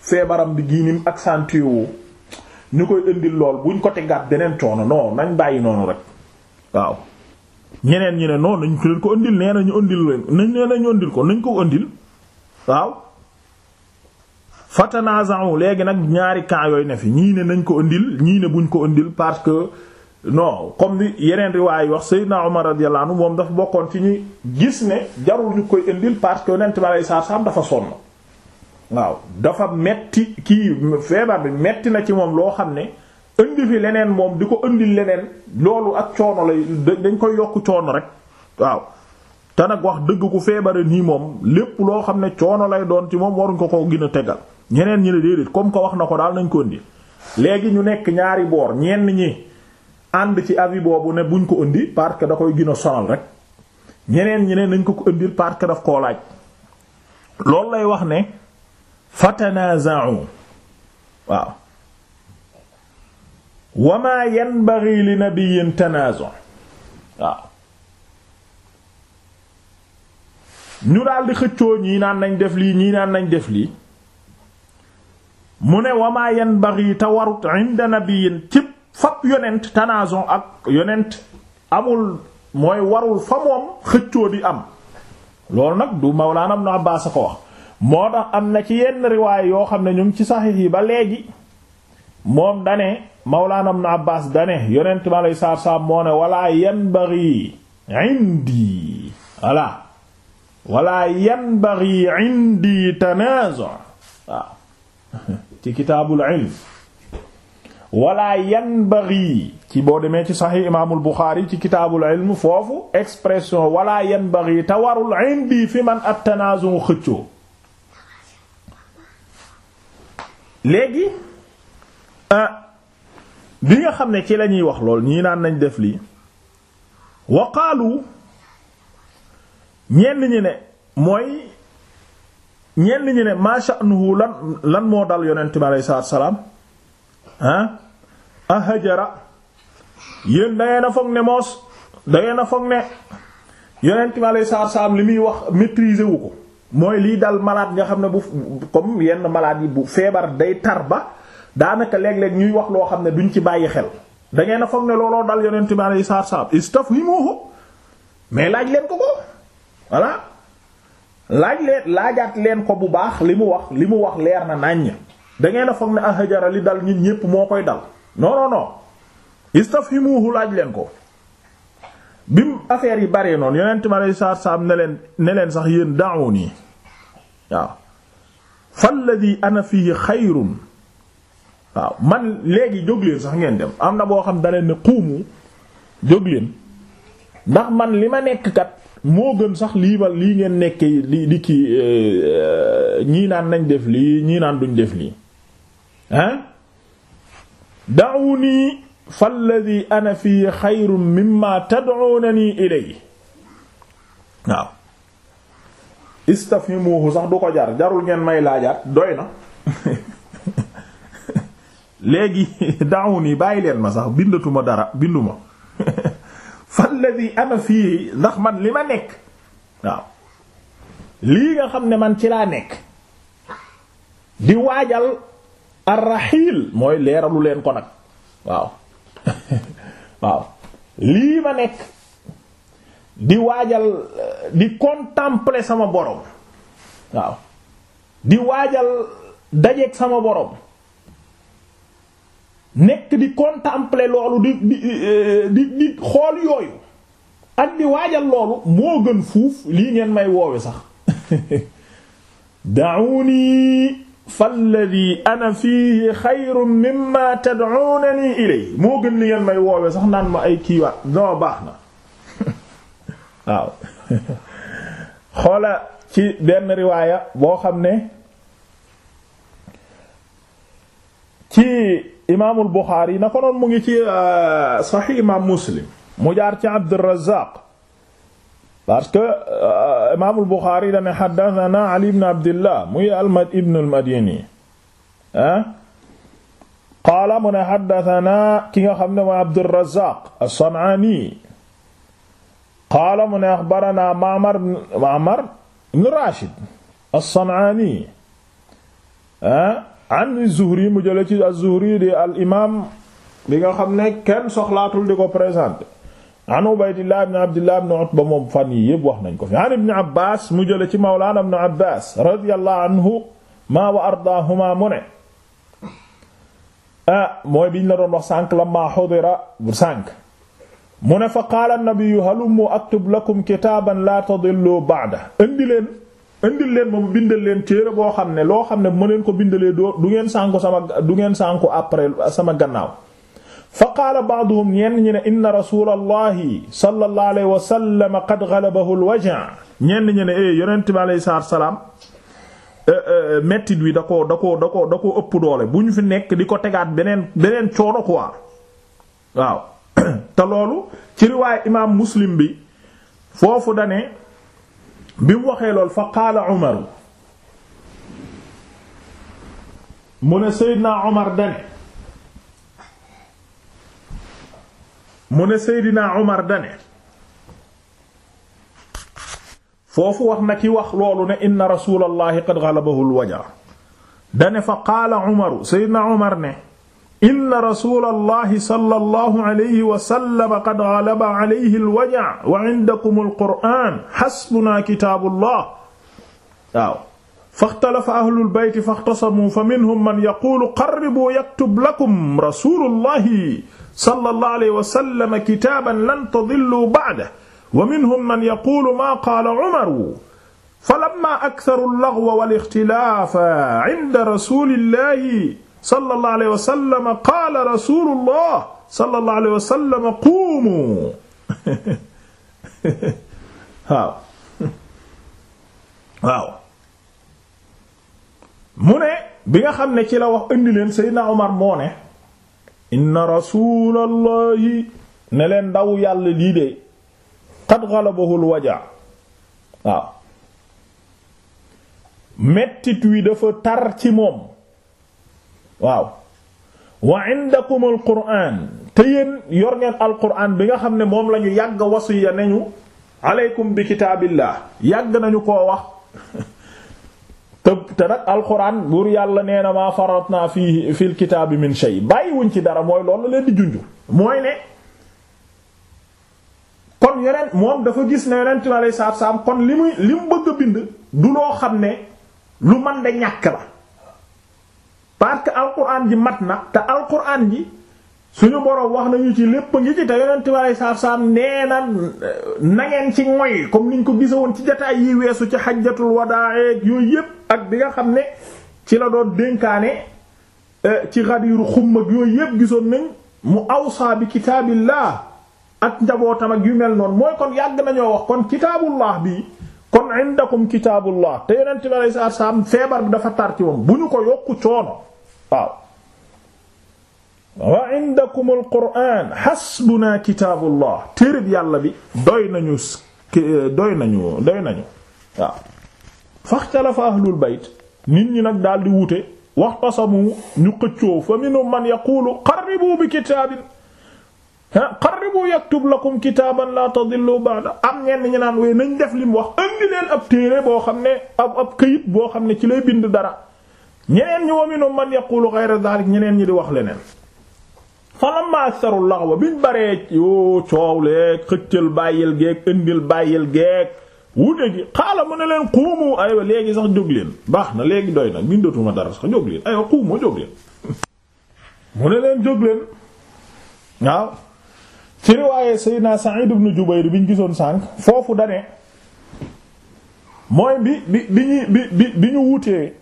feebaram bi giinim ak wu ñu koy indil lool buñ ko tegaat beneen coono non nañ bàyyi noonu rek waaw ñeneen ñi ne non nañ ko leen ko andil nee nañu andil leen nañ nee nañu andil ko nañ ko andil waaw fatanaza'u léegi nag ñaari camp yooyu ne fi ñii ne nañ ko andil ñii ne buñ ko andil parce que no comme ni yeneen riwaay wax Seydina Omar radiyallahu anhu moom dafa bokkoon ci ñu gis ne jarul ñu koy andil parce que yonent ma saar saam dafa sonn waaw dafa metti kii feebar bi metti na ci moom loo xam ne indi fi leneen moom di ko indi leneen loolu ak coono la dañ koy yokk coono rek waaw te nag wax dëgg ku feebare nii moom lépp loo xam ne coono lay doon ci moom waruñ ko ko gën a ñeneen ñi ne déedéet comme ko wax na ko daal nañ ko indi léegi ñu nekk ñaari boor ñenn ñi ànd ci avis boobu ne buñ ko indi parce da koy gën a sonal rek ñeneen ñi ne nañ ko ko indil parce daf koo laaj loolu lay wax ne fatanaza'u waaw wa maa yanbaghi li nabiyyin tanaazu' waaw ñu daldi xëccoo ñii nañ def lii ñii naan nañ def lii mu ne wa maa yanbaghi te warut inda nabiyyin ci fab yonent tanaazu' ak yonent amul mooy warul fa moom xëccoo di am loolu nag du Mawlaana Ibn Abbaas a ko wax moo tax am na ci yenn riwaay yoo xam ne ñu ci saxiix yi ba léegi moom dane Mawlaana Ibn Abbaas dane yonent ma lay saar saar moo ne walaa yanbaghi indi walaa walaa yanbaghi indi tanaazu ci kitaabul ilm walaa yanbaghi ci boo demee ci saxiix imaamul Buxaari ci kitaabul ilm foofu expression walaa yanbaghi te warul indi fi man at-tanaazu xëccoo léegi ah, bi nga xam ne ci lañuy wax lool ñii naan nañ def lii wa qaalu ñenn ñi ne mooy ñenn ñi ne ma sha'nuhu lan lan moo dal yonent bi aleyhi salaam ah ahajara yéen dangeen a foog ne moos dangeen a foog ne yonent bi aleyhi salaatu salaam li muy wax maîtriser wu ko mooy liy dal malade nga xam ne bu comme yenn malade yi bu feebar day tar ba daanaka léeg-léeg ñuy wax loo xam ne duñ ci bàyyi xel da ngeen a foog ne looloo dal yonent bi alayhi salaatu salaam istafhimuhu mais laaj leen ko ko voilà laaj leen laajaat leen ko bu baax li mu wax li mu wax leer na naññ dangeen ngeen a foog ne ahajara li dal nit ñépp moo koy dal non non non istafhimuhu laaj leen ko bi mu affaire yi baree noonu yonent bi alayhi salaatu salaam ne leen ne leen sax yéen da'uni waaw falladi ana fihi xayrun waaw man léegi jóg leen sax ngeen dem am na boo xam da leen ne xuumu jóg leen ndax man li ma nekk kat moo gën sax lii ba lii ngeen nekk li di ki euh, euh, ñii naan nañ def lii ñii naan duñ def lii ah da'uni falladi ana fii xayrun mimma tad'unani ilay waaw istafhimuhu sax du ko jar jarul ngeen may laajaat doy na léegi daaw nii bàyyi leen ma sax bindatuma dara binduma falladi ana fii ndax man li ma nekk waaw lii nga xam ne man ci laa nekk di waajal arraxiil mooy leeralu leen ko nag waaw waaw lii ma nekk di waajal di contempler sama borom waaw di waajal dajeek sama borom nekk di contempler loolu di eh, di di xool yooyu ak di waajal loolu moo gën fuuf lii ngeen may woowe sax da'uni falladi ana fiihi xayrun mimma tad'unani ilay moo gën li ngeen may woowe sax naan ma ay kiiwaat non baax na waaw xoola ci benn riwaaya boo xam ne ci imaamul Buxaari na ko noon mu ngi ci euh, saxi imaam Muslim mu jaar ci Abdurrazaaq parce que euh, imaamul Buxaari dane xaddatana Ali ibn Abdillah muy almad ibn al-Madini ah qaala mu ne xaddatana ki nga xam ne mooy Abdurrazaaq as-San'aani qaala mu ne axbarana Ma'mar Ma'mar ibn Rashid as-San'aani ah an Zuhri mu jële ci az-Zuhri di al imaam bi xam ne kenn soxlaatul di ko présenté an Ubaydillah ibn Abdillah ibn Utba moom fan yi yëpp wax nañ ko fi mu jële ci mawlaana ibn Abbas ma wa ardaahuma mu ne ah mooy biñ la doon wax sànq la ma xudira fa qaala an-nabiyyu aktub lakum kitaaban la tadillu ba'da indi leen indil leen ma mu bindal leen téere boo xam ne loo xam ne bu ma ko bindalee doo du ngeen sànku sama du ngeen sànku après sama gannaaw fa qaala ba'duhum ñenn ñi ne inna rasulallahi sallallahu alayhi wa sallam qad ghalabahu al-waj' ñenn ñi ne eh yonent bi alayhi salaam eh, eh, mettit wi da ko da koo da koo da ëpp doole bu ñu fi nekk di ko tegaat beneen beneen coono quoi waaw te loolu ci riwaayu imaam muslim bi foofu da bi mu waxee lool fa qaala Umar mu ne Seydina Umar dane foofu wax na ki wax loolu ne inna rasulallahi qad ghalabahu al-waja dane fa qaala Umar Seydina Umar ne inna rasulallahi sallallahu alayhi wa sallam qad ghalaba alayhi al-waja' wa indakum al-qur'an hasbuna kitaabullah waaw faxtalafa ahlul bayti faxtasamu fa minhum man yaqulu qarribu yaktub lakum rasulullahi sallallahu alayhi wa sallam kitaaban lan tadillu ba'dahu wa minhum man yaqulu maa qaala Umaru falammaa aktharu al-lagwa wal-ikhtilaafa 'inda rasulillahi sallallahu alayhi wa sallam qaala rasulullah sallallahu wa sallam quumu waaw waaw mu ne bi nga xam ne ci la wax indi leen Seydina Omar moo ne inna rasulallahi ne leen daw yàlla lii de qad ghalabahul waja waaw mettit wi dafa tar ci moom waaw wa indakum al te yéen yor ngeen bi nga xam ne moom lañu yàgg wasiya nañu aleykum bi kitaabillah yàgg nañu koo wax te te nag alquran buur yàlla nee na maa faratna fii fil kitaabi min bàyyiwuñ ci dara mooy loolu leen di junju mooy ne kon yeneen moom dafa gis ne yonent mi aleyhi salaatu kon li muy li mu bëgg a bind du loo xam ne lu man da ñàkk la parce que alquran ji mat na te alquran ji suñu boroom wax nañu ci lépp ngi ci te yonent bi aleyhi salaatu salaam nee na eh, na ci moy comme niñ ko gisewoon ci jotaay yi weesu ci xajjatul wadaa yooyu yépp ak bi nga xam ne ci la doon dénkaane eh, ci xadiiru xumma yooyu yépp gisoon nañ mu awsaa bi kitaabillah ak njabootam ak yu mel noonu mooy kon yàgg nañoo wax kon kitaabullah bi kon indakum kitaabullah te yonent bi aleyhi salaatu salaam feebar bi dafa tar ci moom ko yokku coono waaw wa indakum al quraan xasbunaa kitaabullah téereb yàlla bi doy nañu doy nañu doy nañu waaw faxtalafa ahlul bayt nit ñi nag daal di wute waxtasamu ñu xëccoo fa minhum man yaqulu qarribu bi kitaabin qarribu yaktub lakum kitaaban la tadillu ba'da am ñenn ñi naan wooy nañ def lim wax indi leen ab téere boo xam ne ab ab këyit boo xam ne ci lay bind dara ñeneen ñi wa minhum man yaqulu ghayra ñeneen ñi di wax leneen falamma asaru laghwa biñ baree yoo coow leeg xëccal bàyyil geeg indil bàyyil geeg wute gi xaala mu ne leen xuumu aywa léegi sax jóg leen baax na léegi doy na bindatuma dara sax jóg leen aywa xuumu jóg leen mu ne leen jóg leen waaw ci riwaaye Seydina Sa'id ibn Jubayr bi ñu gisoon sànq foofu dane mooy bi bi bi ñu bi bi ñu wutee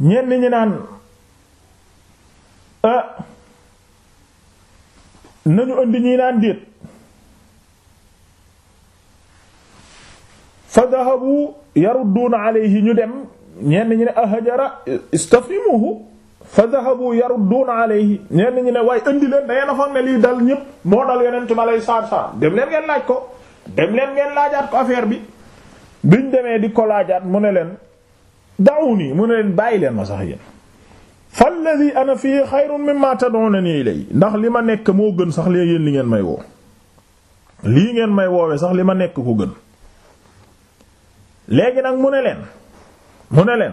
ñenn ñi naan ah, nañu indi ñi naan déet fa dahabu yarudduuna alayhi ñu dem ñenn ñi ne ahajara ah, istafhimuhu fa dahabu yarudduuna alayhi ñenn ñi ne waaye indi leen da ngeen a foog ne lii dal ñépp moo dal yonentu ma lay saar saar dem leen ngeen laaj ko dem leen ngeen laajaat ko affaire bi biñ demee di ko laajaat mu ne leen da'uni mu ne leen bàyyi leen ma sax yéen falladi ana fii xayrun mimma tad'unani ilay ndax li ma nekk moo gën sax li li ngeen may woo lii ngeen may woowee sax li ma nekk ko gën léegi nag mu ne leen mu ne leen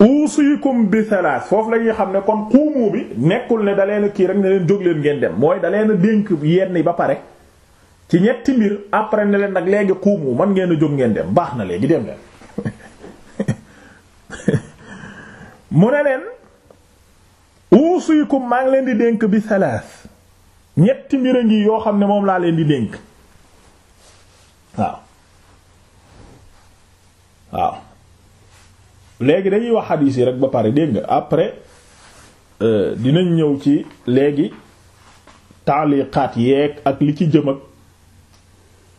uusikum bi thalath foofu la ñuy xam ne kon xuumu bi nekkul ne da leen kii rek ne leen jóg leen ngeen dem mooy da leen dénk yenn ba pare ci ñetti mbir après ne leen nag léegi xuumu man ngeen a jóg ngeen dem baax na léegi dem leen mu ne leen uusikum maa ngi leen di dénk bi salaas ñetti mbir a ngi yoo xam ne moom laa leen di dénk waaw waaw léegi dañuy wax xadiis yi rek ba pare dégg nga après euh, dinañ ñëw ci léegi taaliqaat yeeg ak li ci jëm ak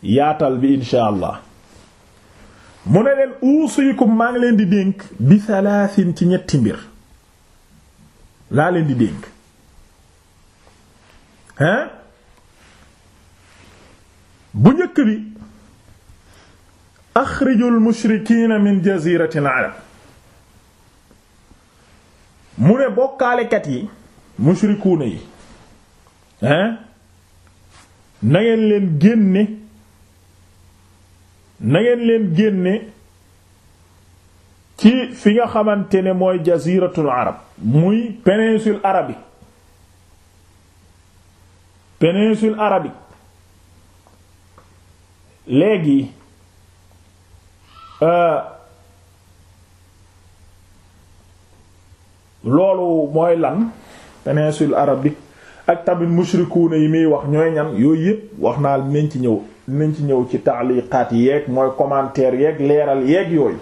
yaatal bi insha allah mu ne leen uusikum maa leen di dénk bi salaasin ci ñetti mbir laa leen di dénk hein bu njëkk bi axrijul mushrikiina min jaziratil arab mu ne bokkaalekat yi mushrikuuna yi hein na leen génne na ngeen leen génne ci fi nga xamante ne mooy jaziratul arab muy péninsule arabique péninsule arabique léegi euh, loolu mooy lan péninsule arabique ak tamit mushrikuuna yi muy wax ñooy ñan yooy yépp wax naa nañ ci ñëw nañ ci ñëw ci taaliqaat yeeg mooy commentaire yeeg leeral yeeg yooyu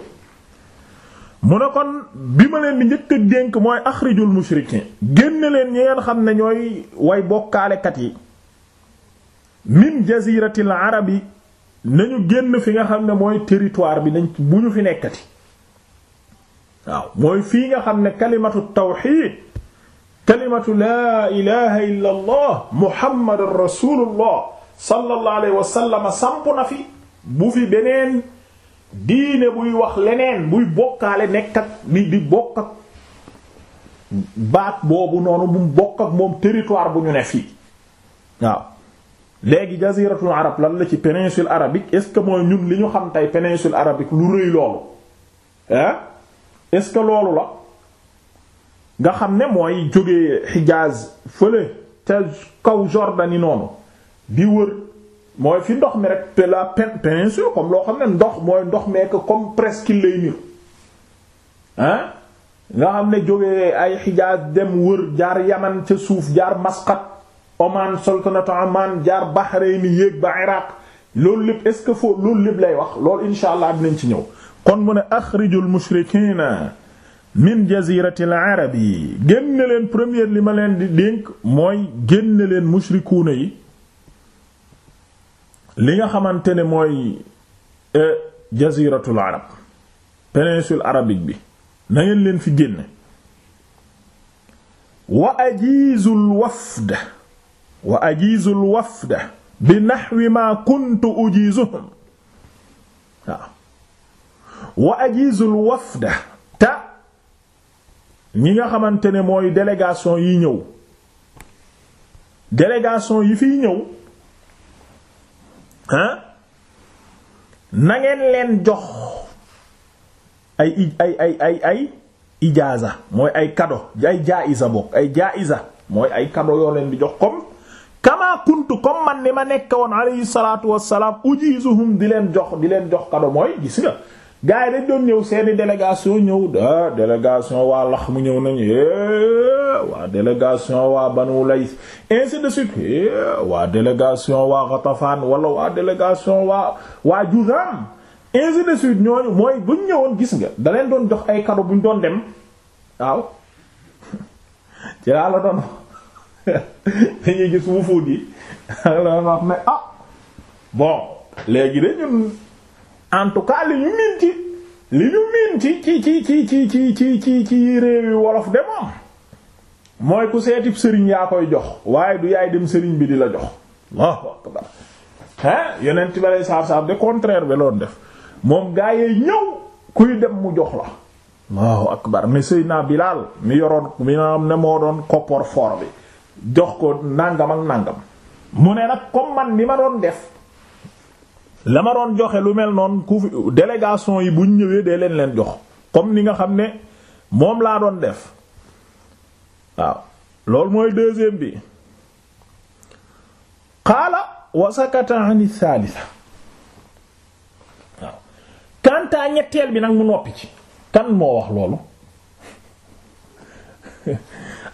mu ne kon bi ma leen di njëkk a dénk mooy axrijul mushrikin génn leen ngeen xam ne ñooy way bokkaalekat yi min jaziratil arabi nañu génn fi nga xam ne mooy territoire bi nañ bu ñu fi nekkati waaw mooy fii nga xam ne kalimatu tawxid kalimatu laa ilaha illa allah muhammadur sallallahu alayhi wa sallam samp na fi bu fi beneen diine buy wax leneen buy bokkaale nekk ak li di bokk ak baat boobu noonu bu mu bokk ak moom territoire bu ñu ne fii waaw léegi jaziratul arab lan la ci péninsule arabique est-ce que mooy ñun li ñu xam tey péninsule arabique lu rëy loolu ah est-ce que loolu la nga xam ne mooy jógee Hijaz fële ca kaw Jordanie noonu di wër mooy fi ndox mi rek te la péninsule comme loo xam ne ndox mooy ndox meek comme presque lay niru ah nga xam ne jógee ay Xijaas dem wër jaar Yaman ca suuf jaar Masqat Oman sultanatu Oman jaar Bahrain yéeg ba Iraq loolu lép est-ce que foo loolu lépp lay wax loolu insha allah dinañ ci ñëw kon mu ne axrijul mushrikiina min jaziratil arabi génn leen première li ma leen di dénk mooy génn leen mushrikuuna yi li nga xamante ne mooy e, jaziratul arab péninsule arabique bi na leen fi génne wa ajizul wafda wa ajizul wafda bi nahwi ma kuntu ujizuhum wa ajizul wafda ta ñi nga xamante ne mooy délégation yi ñëw délégation yi fiy ñëw ah na leen jox ay ay ay ay ay ijaaza mooy ay kado ay jaaisa bokk ay jaaisa mooy ay kado yoo leen di jox comme kama kuntu comme man ni ma nekk woon alayhi salaatu wassalaam ujizuhum di leen jox di leen jox kado mooy gis nga gars yi dañ doon ñëw seeni délégation ñëw da ah, délégation waa lax mu ñëw nañu eh, waa délégation waa Banu Lays ainsi de suite eh, waa délégation waa Ghatafan wala waa délégation waa waa Juzam ainsi de suite ñooñu mooy ñëwoon gis nga da doon jox ay cadeau buñ doon dem waaw ci laa la doon dañuy gis wufuut yi ah bon léegi de ñun en tout cas li ñu miin ci li ñu miin ci ci ci ci ci ci ci ci wolof de moom mooy ku seetib sëriñ yaa koy jox waaye du yaay dem sëriñ bi di la jox Allahu akbar ah yeneen tiberay saab-saab de contraire bi loon def moom gaa yee ñëw kuy dem mu jox la Allahu akbar mais Seydina Bilaal mi yoroon mi na am ne moo doon koppor for bi jox ko nàngam ak nàngam mu ne nag comme man ni ma doon def la ma joxe lu mel noonu ku fi délégation yi buñ ñëwee dee leen leen jox comme ni nga xam ne moom laa doon def waaw mooy deuxième bi qaala wa sakata an thalitha waaw kantaa ñetteel bi nag mu noppi ci kan moo wax loolu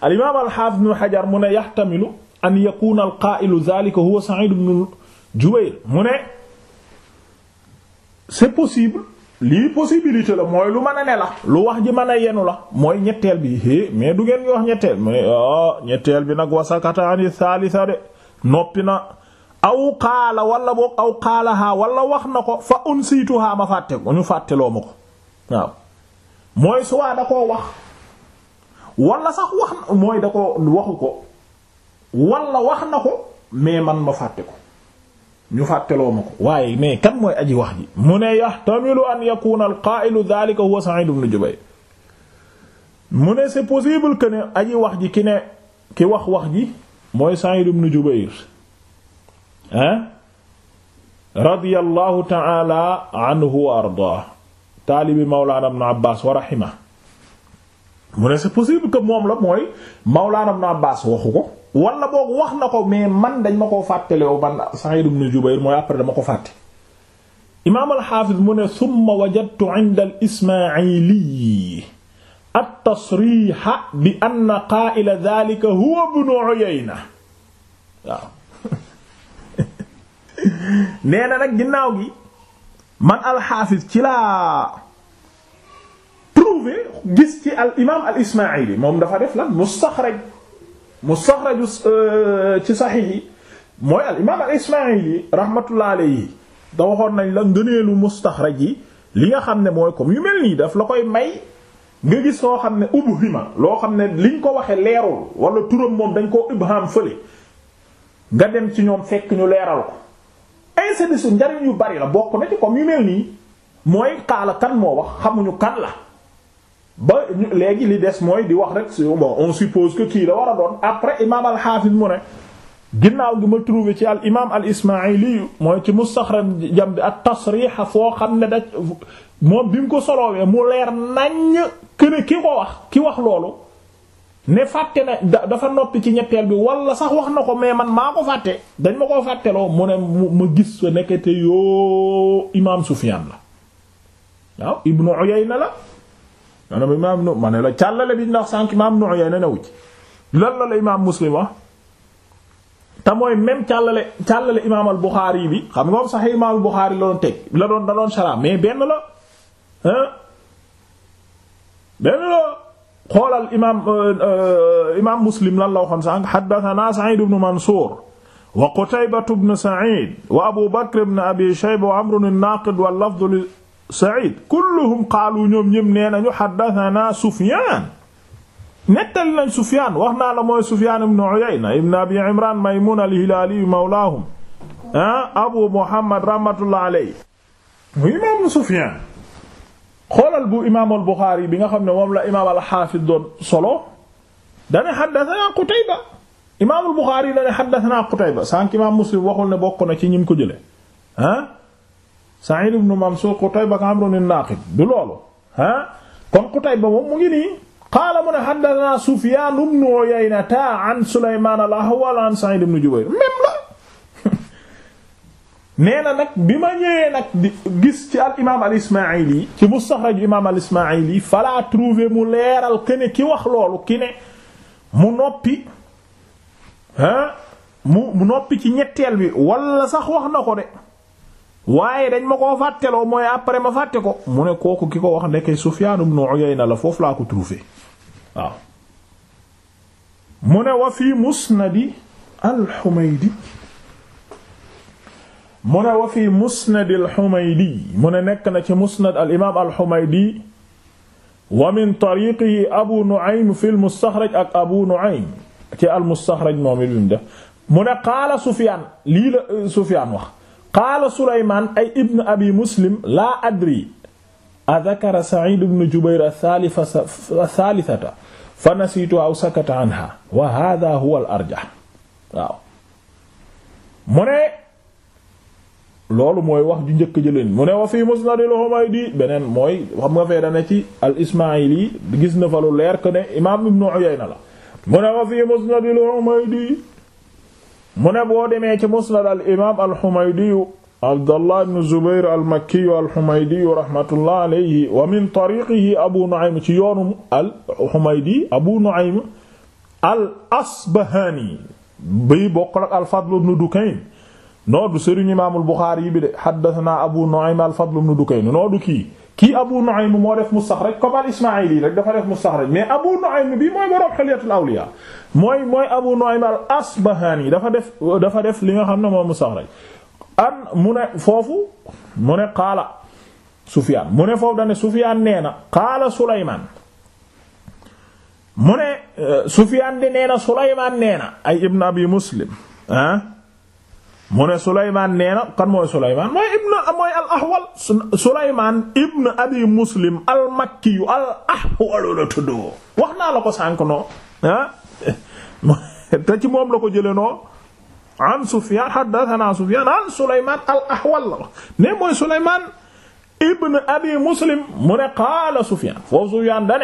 al imaam al xaafid ibn xajar mu ne yaxtamilu an yakuna al qaailu dhalika huwa sa'id ibn jubayr mu ne si possible lii possibilité la mooy lu mën a ne la lu wax ji mën a yenu la mooy ñetteel bi é mais du ngeen ñu wax ñetteel mu ne ah, ñetteel bi nag wasakataani saalisa de noppi na aw xaala wala boog aw xaalahaa wala wax na ko fa unsituhaa ma fàtte ko ñu fàtteloo ma ko waaw mooy suwaa da koo wax wala sax wax mooy da ko waxu ko wala wax na ko mais man ma fàtte ko ñu fàtteloo waaye mais kan mooy aji wax ji mu ne yahtamilu an yakuna al qa'ilu dhalika huwa Sa'id ibn Jubayr mu ne possible que ne aji wax ji ki ne ki wax wax ji mooy Sa'id ibn Jubayr ah radiyallahu ta'ala anhu wa ardaa taalibi mawlana ibn Abbas wa rahima mu ne c'est possible que moom la mooy mawlana ibn Abbas waxu ko wala boog wax na ko mais man dañ ma koo fàttalewo man Sa'id ibn Jubayr mooy après dama ko fàtte imaam alxaafiz mu ne summa wajadtu inda al ismaili at-tasriha bi anna qaa'ila dhalika huwa ibnu Uyayna waaw nee na nag ginnaaw gi man alxaafiz ci laa trouvé gis ci al imaam al ismaili moom dafa def lan mustaxraj mustaxraju euh, ci saxiix yi mooy al imaam al ismaayili yi alayhi da waxoon nañ la ngëneelu mustaxraj yi li nga xam ne mooy comme yu mel nii daf la koy may nga gis soo xam ne ubhima loo xam ne liñ ko waxee leerul wala turam moom dañ koo ibham fële nga dem ci ñoom fekk ñu leeral ko ainsi de njariñ yu bari la bokk na ci comme yu mel nii mooy xaala kan moo wax xamuñu kan la ba léegi li des mooy di wax rek bon on suppose que kii la war a doon après imaam al-Hafiz mu ne ginnaaw gi ma trouver ci al imaam al Ismaa'ili mooy ci mustaxraj jam bi ak tasriix foo xam ne da moom bi mu ko soloowee mu leer naññ këne ki ko wax ki wax loolu ne fàtte na dafa noppi ci ñetteel bi walla sax wax na ko mais man maa ko fàtte dañ ma koo fàtteloo mu ne ma gis sa nekkete yoo imaam Sufyaan la waaw Ibnu Uyayna la maanaam imaam nu bi ndax sànq imaam nu Uyayna newu ci lan la Muslim wax te mooy même càllale càllale imaam bi xam nga moom sax imaam al Buxaari la doon teg la doon da doon saraam euh, euh, Muslim lan la waxoon sànq haddathanaa Sa'iid ibn Mansuur wa Qutaybatu ibn Sa'iid wa Abu Bakr ibn Abi Shayba wa Amrun an-Naaqid wal Saïd kulluhum qaalu ñoom ñëm nee nañu haddathana Sufyaan nettali nañ Sufyaan wax naa la mooy Sufyaan ibn Uyayna ibn Abi Imraan Maymuun al-Hilaali mawlaahum ah, Abu Muhammad rahmatullah alayhi muy imaam Sufyaan xoolal bu imaam al-Buxaari bi nga xam ne moom la imaam al-Haafiz doon solo dane haddathana Qutayba imaam al-Buxaari dane haddathana Qutayba sànq imaam Muslim waxul ne bokk na ci ñim ko jële ah Sa'id ibn Mansur Qutayba ak Amr an du loolu ah kon Qutayba moom mu ngi nii qaala mu ne haddathana Sufyan ibn Uyayna an Sulayman al-Ahwal an Sa'id ibn Jubayr même la nee nag bi ma ñëwee nag gis ci al imam al Ismaili ci mustaxraj imam al Ismaili fala trouver mu leeral ke ki wax loolu ki mu noppi ah mu noppi ci ñetteel bi wala sax wax na ko de waaye dañ ma koo fàtteloo mooy après ma fàtte ko mu ne kooku ki ko wax nekk Sufyaan ibn Uyayna la foofu laa ko trouvé waaw mu ne wa fi musnadi al-Humaydi mu ne nekk na ci musnad al-imaam al-Humaydi wa min tariqihi Abu Nu'aym fi al ak Abu Nu'aym ci al-Mustaxraj moom mu def mu ne qaala Sufyaan lii la Sufyaan wax qaala Souleymane ay ibn abi muslim laa adri adakara Saïd ibn Jubayr ath-thalithata fa nasiitu aw sakata anha wa hadha huwa al-arjah waaw mu ne loolu mooy wax ju njëkk jëleen mu ne wa fii musnad al-Humaydi beneen mooy xam nga fee dane ci al-Ismaili gis na fa lu leer que ne imaam Ibn Uyayna la mu ne wa fii musnad al-Humaydi mu ne boo demee ci musnad al imaam al xumaydiyu abdallah ibn zubair al makkiyu al xumaydiyu rahmatullah alayhi wa min tariqihi abu nu'aym ci yoonum al xumaydi abu nu'aym al asbahaani bii bokkul ak al fadl ibn dukayn noo du sëriñ imaamul buxaari yi bi de xaddasanaa abu nu'aym al fadl ibn dukayn noo du kii kii Abu Nu'aym moo def mustaxraj comme al Ismaayili rek dafa def mustaxraj mais Abu Nu'aym bi mooy borom Hilyatul Awliya mooy mooy Abu Nu'aym al Asbahani dafa def def li nga xam ne moom mustaxraj an mu foofu mu ne qaala Sufyaan mu ne foofu dane Sufyaan nee na qaala Sulaymaan mu ne eh, Sufyaan di nee na ay ibn Abi Muslim ah mu ne Souleymane nee na kan mooy Souleymane mooy ibn mooy ibn abi muslim al makki yu al ahwal la ko sànq noo ah te ci moom la ko jëlee noo an Sufyan haddathana Sufyan an Souleymane al ahwal la ne ibn abi muslim mu ne Sufyan foofu Sufyan da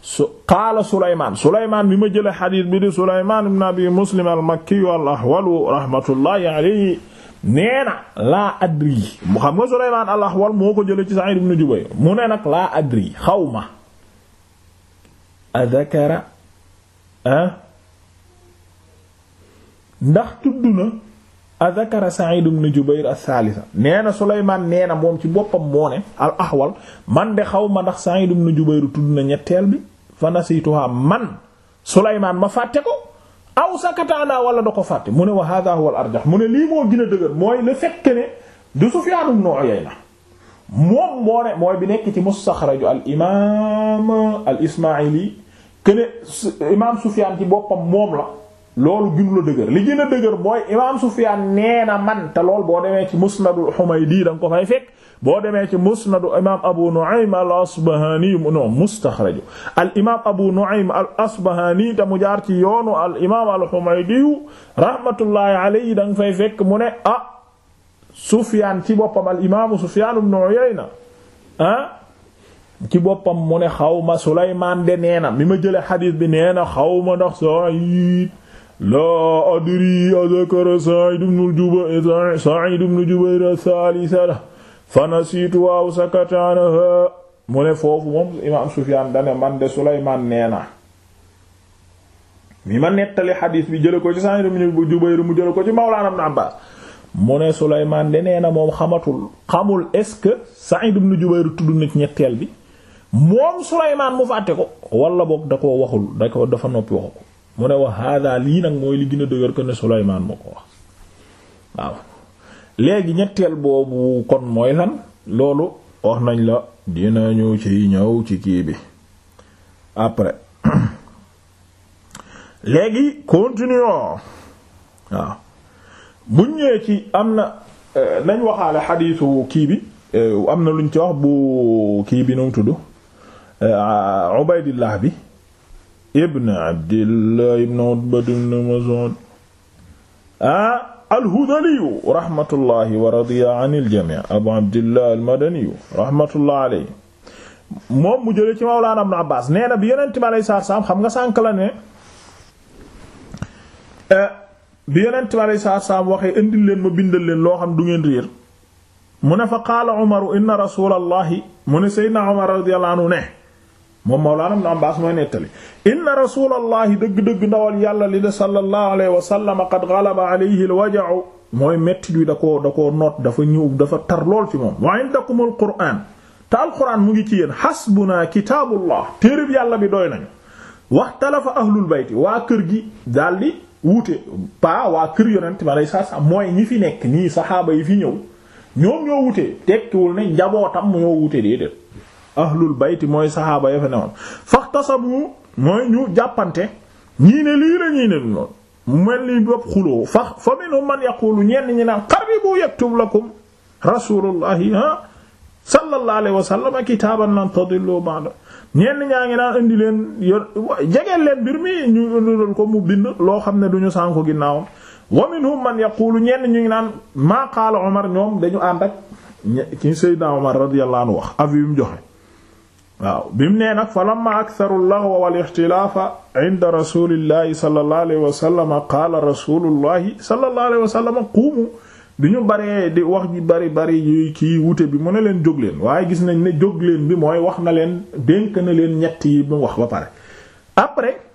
su qaala Souleymane Souleymane bi ma jëlee xadiis bi di Souleymane ibn Abi Muslim al-Makki al-Ahwal rahmatullahi alayhi nee na laa adri mu xam nga Souleymane al-Ahwal moo ko jëlee ci Sa'id ibn Jubayr mu ne nag laa adri xaw ma adakara ah ndax tudd na. adakara Sa'id ibn Jubayr athalitha nee na Souleymane nee na moom ci boppam moo ne man de xaw ma ndax Sa'id ibn Jubayr tudd na ñetteel bi fa nasituha man Souleymane ma fàtte ko aw sakataanaa wala da ko fàtte mu ne wa hadha huwa al arjah mu ne lii moo gën a dëgër mooy le fait que ne du Sufyan ibn Uyayna moom moo mooy bi nekk ci mustaxraju al imam al ismaili que ne imam ci boppam moom la loolu ginu la dëgër li gën a dëgër mooy imaam Sufyaan nee man te lool boo demee ci musnadu Humaydi da nga ko fay fekk boo demee ci musnadu imaam Abu Nu'aym al-Asbahani non mustaxraju imaam Abu Nu'aym al-Asbahani te mu jaar ci yoonu al imaam al-Humaydi rahmatullahi alayhi da nga fay fekk mu ne ah Sufyaan ci boppam al imaamu Sufyaan ibn Uyayna ah ci boppam mu ne xaw ma Sulaymaan de nee mi ma jëlee xadiis bi nee na xaw ma ndax laa adri adakara Sa'iid ibnu Jubayr Sa'iid ibnu Jubayr ath-thaalitha waaw sakata anhaa mu ne foofu moom imaam Sufyaan dane man de Sulaymaan nee mi ma nettali xadiis bi jële ko ci Sa'iid ibnu Jubayr mu jële ko ci Mawlaana ibnu Abbaas mu ne Sulaymaan de nee moom xamatul xamul est-ce que Sa'iid ibnu Jubayr tudd na ci ñetteel bi moom Sulaymaan mu fàtte ko walla boog da koo waxul da ko dafa noppi waxu ko mu ne wa hada lii nag mooy li gën a dëgër ko ne Sulaymaan moo ko wax waaw léegi ñetteel boobu kon mooy lan loolu wax nañ la dina ñëw ci ñëw ci kii bi après léegi continuons waaw buñ ñëwee ci am na euh, nañ waxaale xadiisu kii bi euh, am na luñ ci wax bu kii bi nu mu tudd euh, Ubaydillah bi ibn abdillah ibn utba ibn mas'ud ah alhudaliyu rahmatullahi wa radiya an iljami abu abdillah almadaniyu rahmatullahi alayhi moom mu jëlee ci mawlaana ibn abbas nee na bi yonent bi alayhi salaam xam nga sànk la ne eh, bi yonent bi alayhi salaam waxee indil leen ma bindal leen loo xam du ngeen réer mu ne fa qaala umaru inna rasulallahi mu ne seydna umar radiyallahu anhu ne moom Mawlaana Ibn Abbaas mooy nettali inna rasuulallahi dëgg-dëgg ndawal yàlla li de sallallahu alayhi wa sallam qad ghalaba alayhi al mooy metti bi da koo da koo noot dafa ñëw dafa tar lool ci moom wa indakumul qur'aan te alqur'aan mu ngi ci yéen hasbunaa kitaabullah téereb yàlla bi doy nañu waxtalafa ahlul bayti waa kër gi daldi wuute pa waa kër yonent ma lay saa mooy ñi fi nekk nii saxaaba yi fi ñëw ñoom ñoo wuute tekkiwul ne njabootam ñoo wuute ahlul bayti mooy saxaaba ya fa newoon faxtasamu mooy ñu jàppante ñii ne lii la ñii ne noonu mel ni bopp xuloo fa fa minhum man yaqulu ñenn ñi naan qaribu yaktub lakum rasulullahi ha sallallahu ñaa ngi naan indi leen yor leen mbir mi ñu ko mu bind loo xam ne du ñu sànku ginnaawam wa minhum man yaqulu ñu ngi naan maa qaala Omar ñoom dañu ànd ak ki Seydina Omar radiyallahu anhu wax avis mu joxe waaw bi mu nee nag fa lamma aktharu llahwa wal ixtilaafa inda rasulillahi sallallahu alayhi wa sallam qaala rasulullahi sallallahu alayhi wa sallam quumu bi ñu bare di wax ji bari bari yuy kii wute bi mu ne leen jóg waaye gis nañ ne jóg bi mooy wax na leen dénk na leen ñetti yi mu wax ba pare après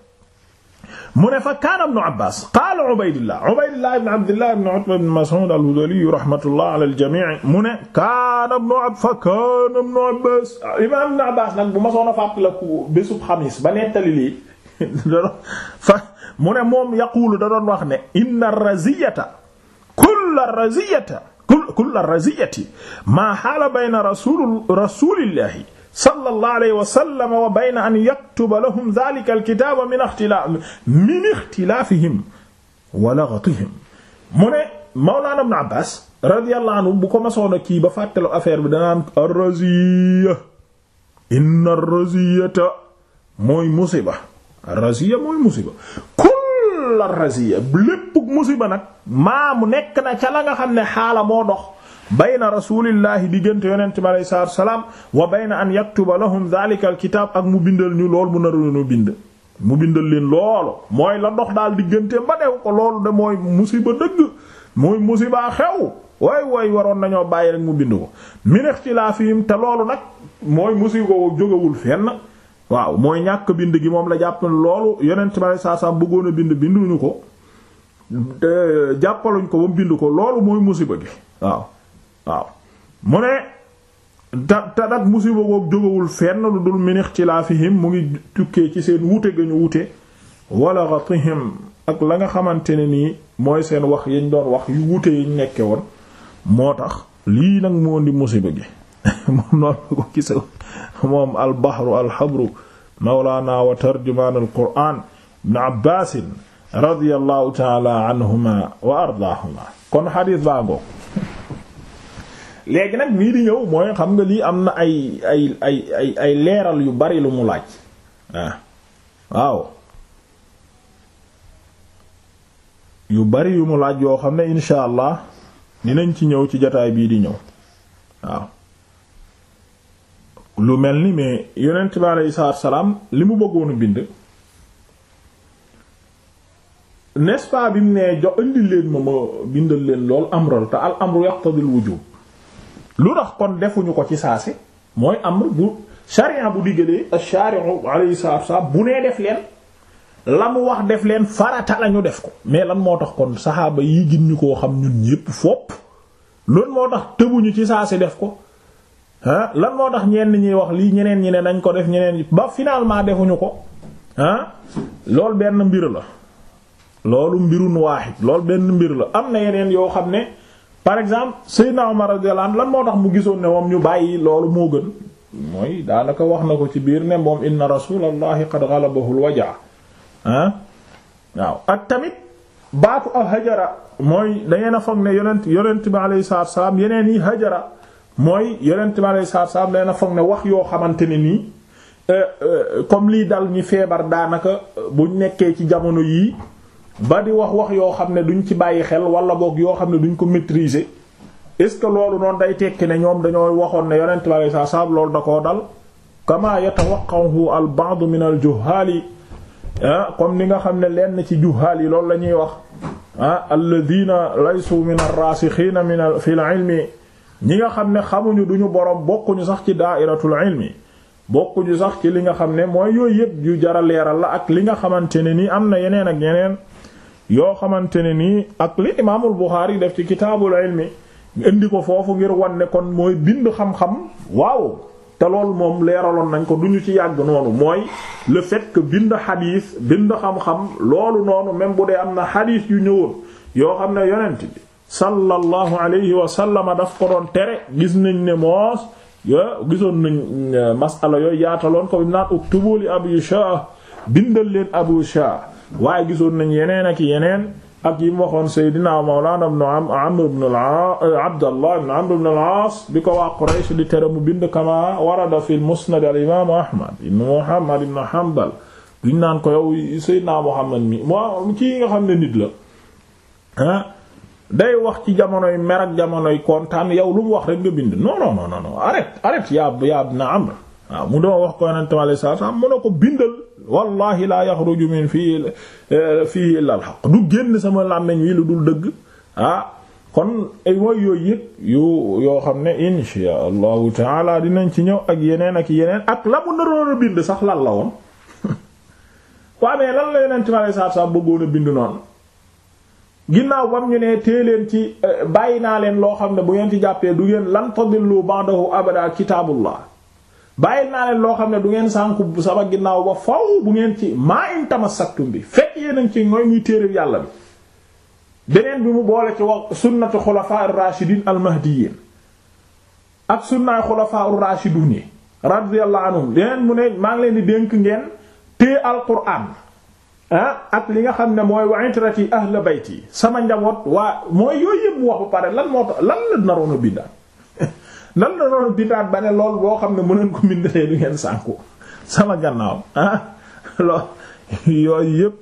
mu ne fa kaana ibnu Abbaas qaala Ubaydullah Ubaydullah ibn Abdillah ibn Utba ibn Mas'ud al-Hudhali rahmatullah ala al-jamii' mu ne kaana ibnu Abbaas fa kaana ibnu Abbaas imaam ibnu Abbaas nag bu ma soona fàttaliku bésub xamis ba nettali lii fa mu ne moom yaquulu da doon wax ne inna ar-raziyata kulla ar-raziyata kulla ar-raziyati maa haala bayna rasuul rasuulillahi sallallahu alayhi wa sallam wa bayna an yaktuba lahum dhalika alkitaba min ixtilaaf min ixtilaafihim wa laghatihim mu ne Mawlana Ibn Abbas radiyallahu anhu bu ko masoon a kii ba fàttalo affaire bi danaan ar-raziya inna ar-raziyata mooy musiba ar-raziya mooy musiba kull ar-raziya lépp musiba nag maa mu nekk na ca la nga xam ne xaala moo dox bayna rasulillahi diggante yonente bi alayhi salaatu wa salaam wa bayna an yaktuba lahum dhalika al kitaab ak mu bindal ñu lool mu naroonu bind mu bindal leen loolu mooy la dox daal diggante ba dew ko loolu de mooy musiba dëgg mooy musiba xew way woy waroon nañoo bàyyi rek mu bind ko min ixtilaafihim te loolu nag mooy musiba jógewul fenn waaw mooy ñàkk bind gi moom la jàpp loolu yonente bi alayhi salaatu wa a bind binduñu ko jàppaluñ ko ba mu bind ko loolu mooy waaw waaw mu ne ta ta nag musiba boobu jógawul fenn lu dul ci min ixtilaafihim mu ngi tukkee ci seen wuute ga ñu wuute wala ghatihim ak la nga xamante ne nii mooy seen wax yañ doon wax yu wuute yiñ nekke woon moo tax lii nag moo di musiba gi moom noonu ko gisa moom albahru alxabru mawlaana wa tarjumaan al quraan ibn radiyallahu taala wa ardaahuma kon xadiis baa ngoog léegi nag mii di ñëw mooy xam nga lii am na ay ay ay ay leeral yu bari lu mu laaj ah. waaw yu bari yu mu laaj yoo xam ne insha allah dinañ ci ñëw ci jataay bii di ñëw waaw lu mel ni mais yonent bi aleyhi salaam li mu bëggoonu bind n'est-ce pas bi mu nee jox indi leen ma ma bindal leen lool amral te al amru yaqtadil wujub lu tax kon defuñu ko ci saase mooy am bu sharia bu diggalee ash-shari'u alayhi salaatu wasallam bu nee def leen la mu wax def leen farata lañu def ko mais lan moo tax kon saxaaba yi gin ñu koo xam ñun ñépp fopp loolu moo tax tëbuñu ci saa si def ko ah lan moo tax ñenn ñi wax lii ñeneen ñi ne nañ ko def ñeneen ñi ba finalement defuñu ko ah loolu benn mbir la loolu mbirun waaxid loolu benn mbir la am na yeneen yoo xam ne. par exemple Seydina Omar radiyallahu anhu lan moo tax mu gisoon ne moom ñu bàyyi loolu moo gën mooy daanaka wax na ko ci biir ne moom inna rasulallahi qad ghalabahu al-waja ah waaw ak tamit baaku ak hajara mooy da ngeen a foog ne yonent yonent bi alayhi salaatu salaam yeneen yi hajara mooy yonent bi alayhi salaatu salaam da ngeen a foog ne wax yoo xamante ne nii eh, eh, comme lii dal ñi feebar daanaka buñ nekkee ci jamono yii ba di wax wax yoo xam ne duñ ci bàyyi xel wala boog yoo xam ne duñ ko maîtriser est-ce que loolu noon day tekki ne ñoom dañoo waxoon ne yonent bi saa saam loolu da koo dal kama yatawaqqahu al ba'd min al juhali ah kon li nga xam ne lenn ci juhaal yi loolu la ñuy wax ah alladina laysu min ar-rasikhina min fi al-ilmi ñi nga xam ne xamuñu duñu borom bokkuñu sax ci daairatul ilmi bokkuñu sax ci li nga xam ne mooy yooyu yëpp yu jara leeral la ak li nga xamante ne nii am na yeneen ak yeneen yoo xamante ne nii ak li imaamul Buxaari def ci kitaabul ilmi indi ko foofu ngir wan ne kon mooy bind xam-xam waaw te lool moom leeraloon nañ ko du ñu ci yàgg noonu mooy le fekk que bind xadiis bind xam-xam loolu noonu même bu dee am na xadiis yu ñëwoon yoo xam ne yonent bi sallallahu alayhi wa sallam daf ko doon tere gis nañ ne moos gisoon nañ euh, masala yooyu yaataloon ko bi naan uktubuli abu shah bindal leen abu waaye gisoon nañ yeneen ak yeneen ak yi mu waxoon Seydina Mawlana ibn Amr ibn euh, Abdallah ibn Amr ibn al-Aas bi ko waa Quraysh di tere mu bind kama warada fi al-Musnad al-Imam Ahmad ibn Muhammad ibn Hanbal duñ naan ko yow Seydina Muhammad mi moo kii nga xam ne nit la ah day wax ci jamonoy mer ak jamonoy kontaan yow lu mu wax rek nga bind non non non non arrête arrête yaa yaa ibn Amr waaw ah, mu doon wax ko Yonent sallallahu alayhi wasallam mën na ko bindal. wallahi laa yaxruju min fii fii illa alxaq du génn sama làmmiñ wi lu dul dëgg ah, kon ay mooy yooyu yoo xam ne insha allahu taala dinañ ci ñëw ak yeneen ak yeneen ak la mu a bind sax lan la woon waa mais lan la yeneen time saab saab bëggoon bind noonu ginnaaw bam ñu ne tee ci eh, bàyyi naa leen loo xam ne bu ngeen ci jàppee du ngeen lan tadillu ba'dahu abada kitaabullah bàyyi naa leen loo xam ne du ngeen sànku sama ginnaaw ba faw bu ngeen ci maa in tamassaktum bi fekk yéen ci ngoy muy téereb yàlla bi beneen bi mu boole ci wax sunnatu xulafaa ar-raashidin al-mahdiyyin ak sunnaay xulafaa ar-raashidun yi radiyallahu anhum beneen mu ne maa ngi leen di dénk ngeen tée al-qur'aan ah ak li nga xam ne mooy wa itrati ahla yi sama njaboot waa mooy yooyu yëpp wax ba pare lan moo tax lan la naroon a binda lan la doon bitaat ba ne lool boo xam ne mënoon ko bindalee du ngeen sànku sama gannaaw ah lool yooyu yëpp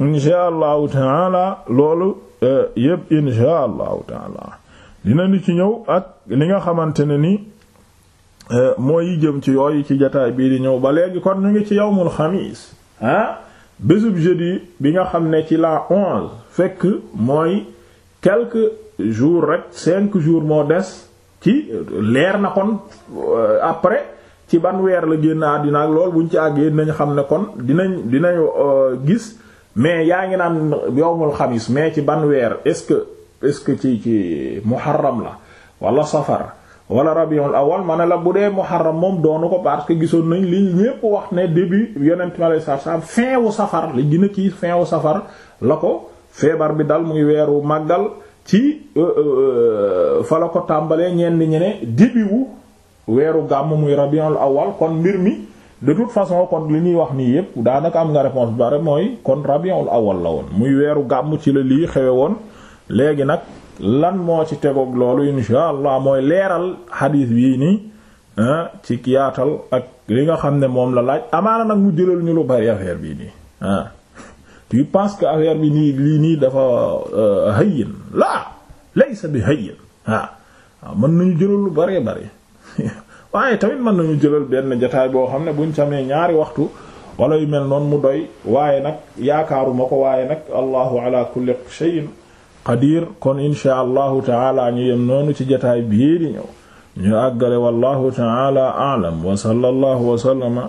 insha allahu taala loolu eh, yëpp insha allahu taala dina ni ci ñëw ak li nga xamante ne ni eh, mooy jëm ci yooyu ci jataay bii ñëw ba léegi kon ñu ngi ci yawmul xamiis ah bésub jeudi bi nga xam ne ci la onze fekk mooy quelque jours rek cinq jour moo des ci leer na kon euh, après ci ban weer la génn àddina ak lool buñ ci àggee dinañ xam ne kon dinañ dinañ euh, gis mais yaa ngi naan yowmul xamis mais ci ban weer est-ce que est-ce que ci ci muharram la wala safar wala rabiul awal ma ne la bu dee muharram moom doonu ko parce que gisoon nañ li ñépp wax ne début yonent mi alayhi salaatu salaam fin wu safar li gën kii fin wu safar la ko feebar bi dal muy weeru màggal ci euh, euh, fa la ko tàmbalee ñenn ñi ne dibiwu weeru gàmm muy rabiul awal kon mbir mi de toute façon kon li ñuy wax nii yépp daanaka am nga réponse bari mooy kon rabiul awal la woon muy weeru gàmm ci la lii xewe woon léegi nag lan moo ci tegoog loolu insha allah mooy leeral xadiis bii nii ah, ci yaatal ak li nga xam ne moom la laaj amaana nag mu jëlal ñu lu bari affaire bii nii ah. tu penses que affaire bi nii lii nii dafa euh, hayyin laa laysa bi hayyin waaw ah, waaw mën nañu jëlal lu bëree bëri waaye tamit mën nañu jëlal benn jataay boo xam ne buñ samee ñaari waxtu wala yu mel noonu mu doy waaye nag yaakaaruma ko waaye nag allahu ala kulli shay'in qadir kon insha allahu taala ñu yem noonu ci jataay bii di ñu àggale wallahu taala a'lam wa sallallahu wa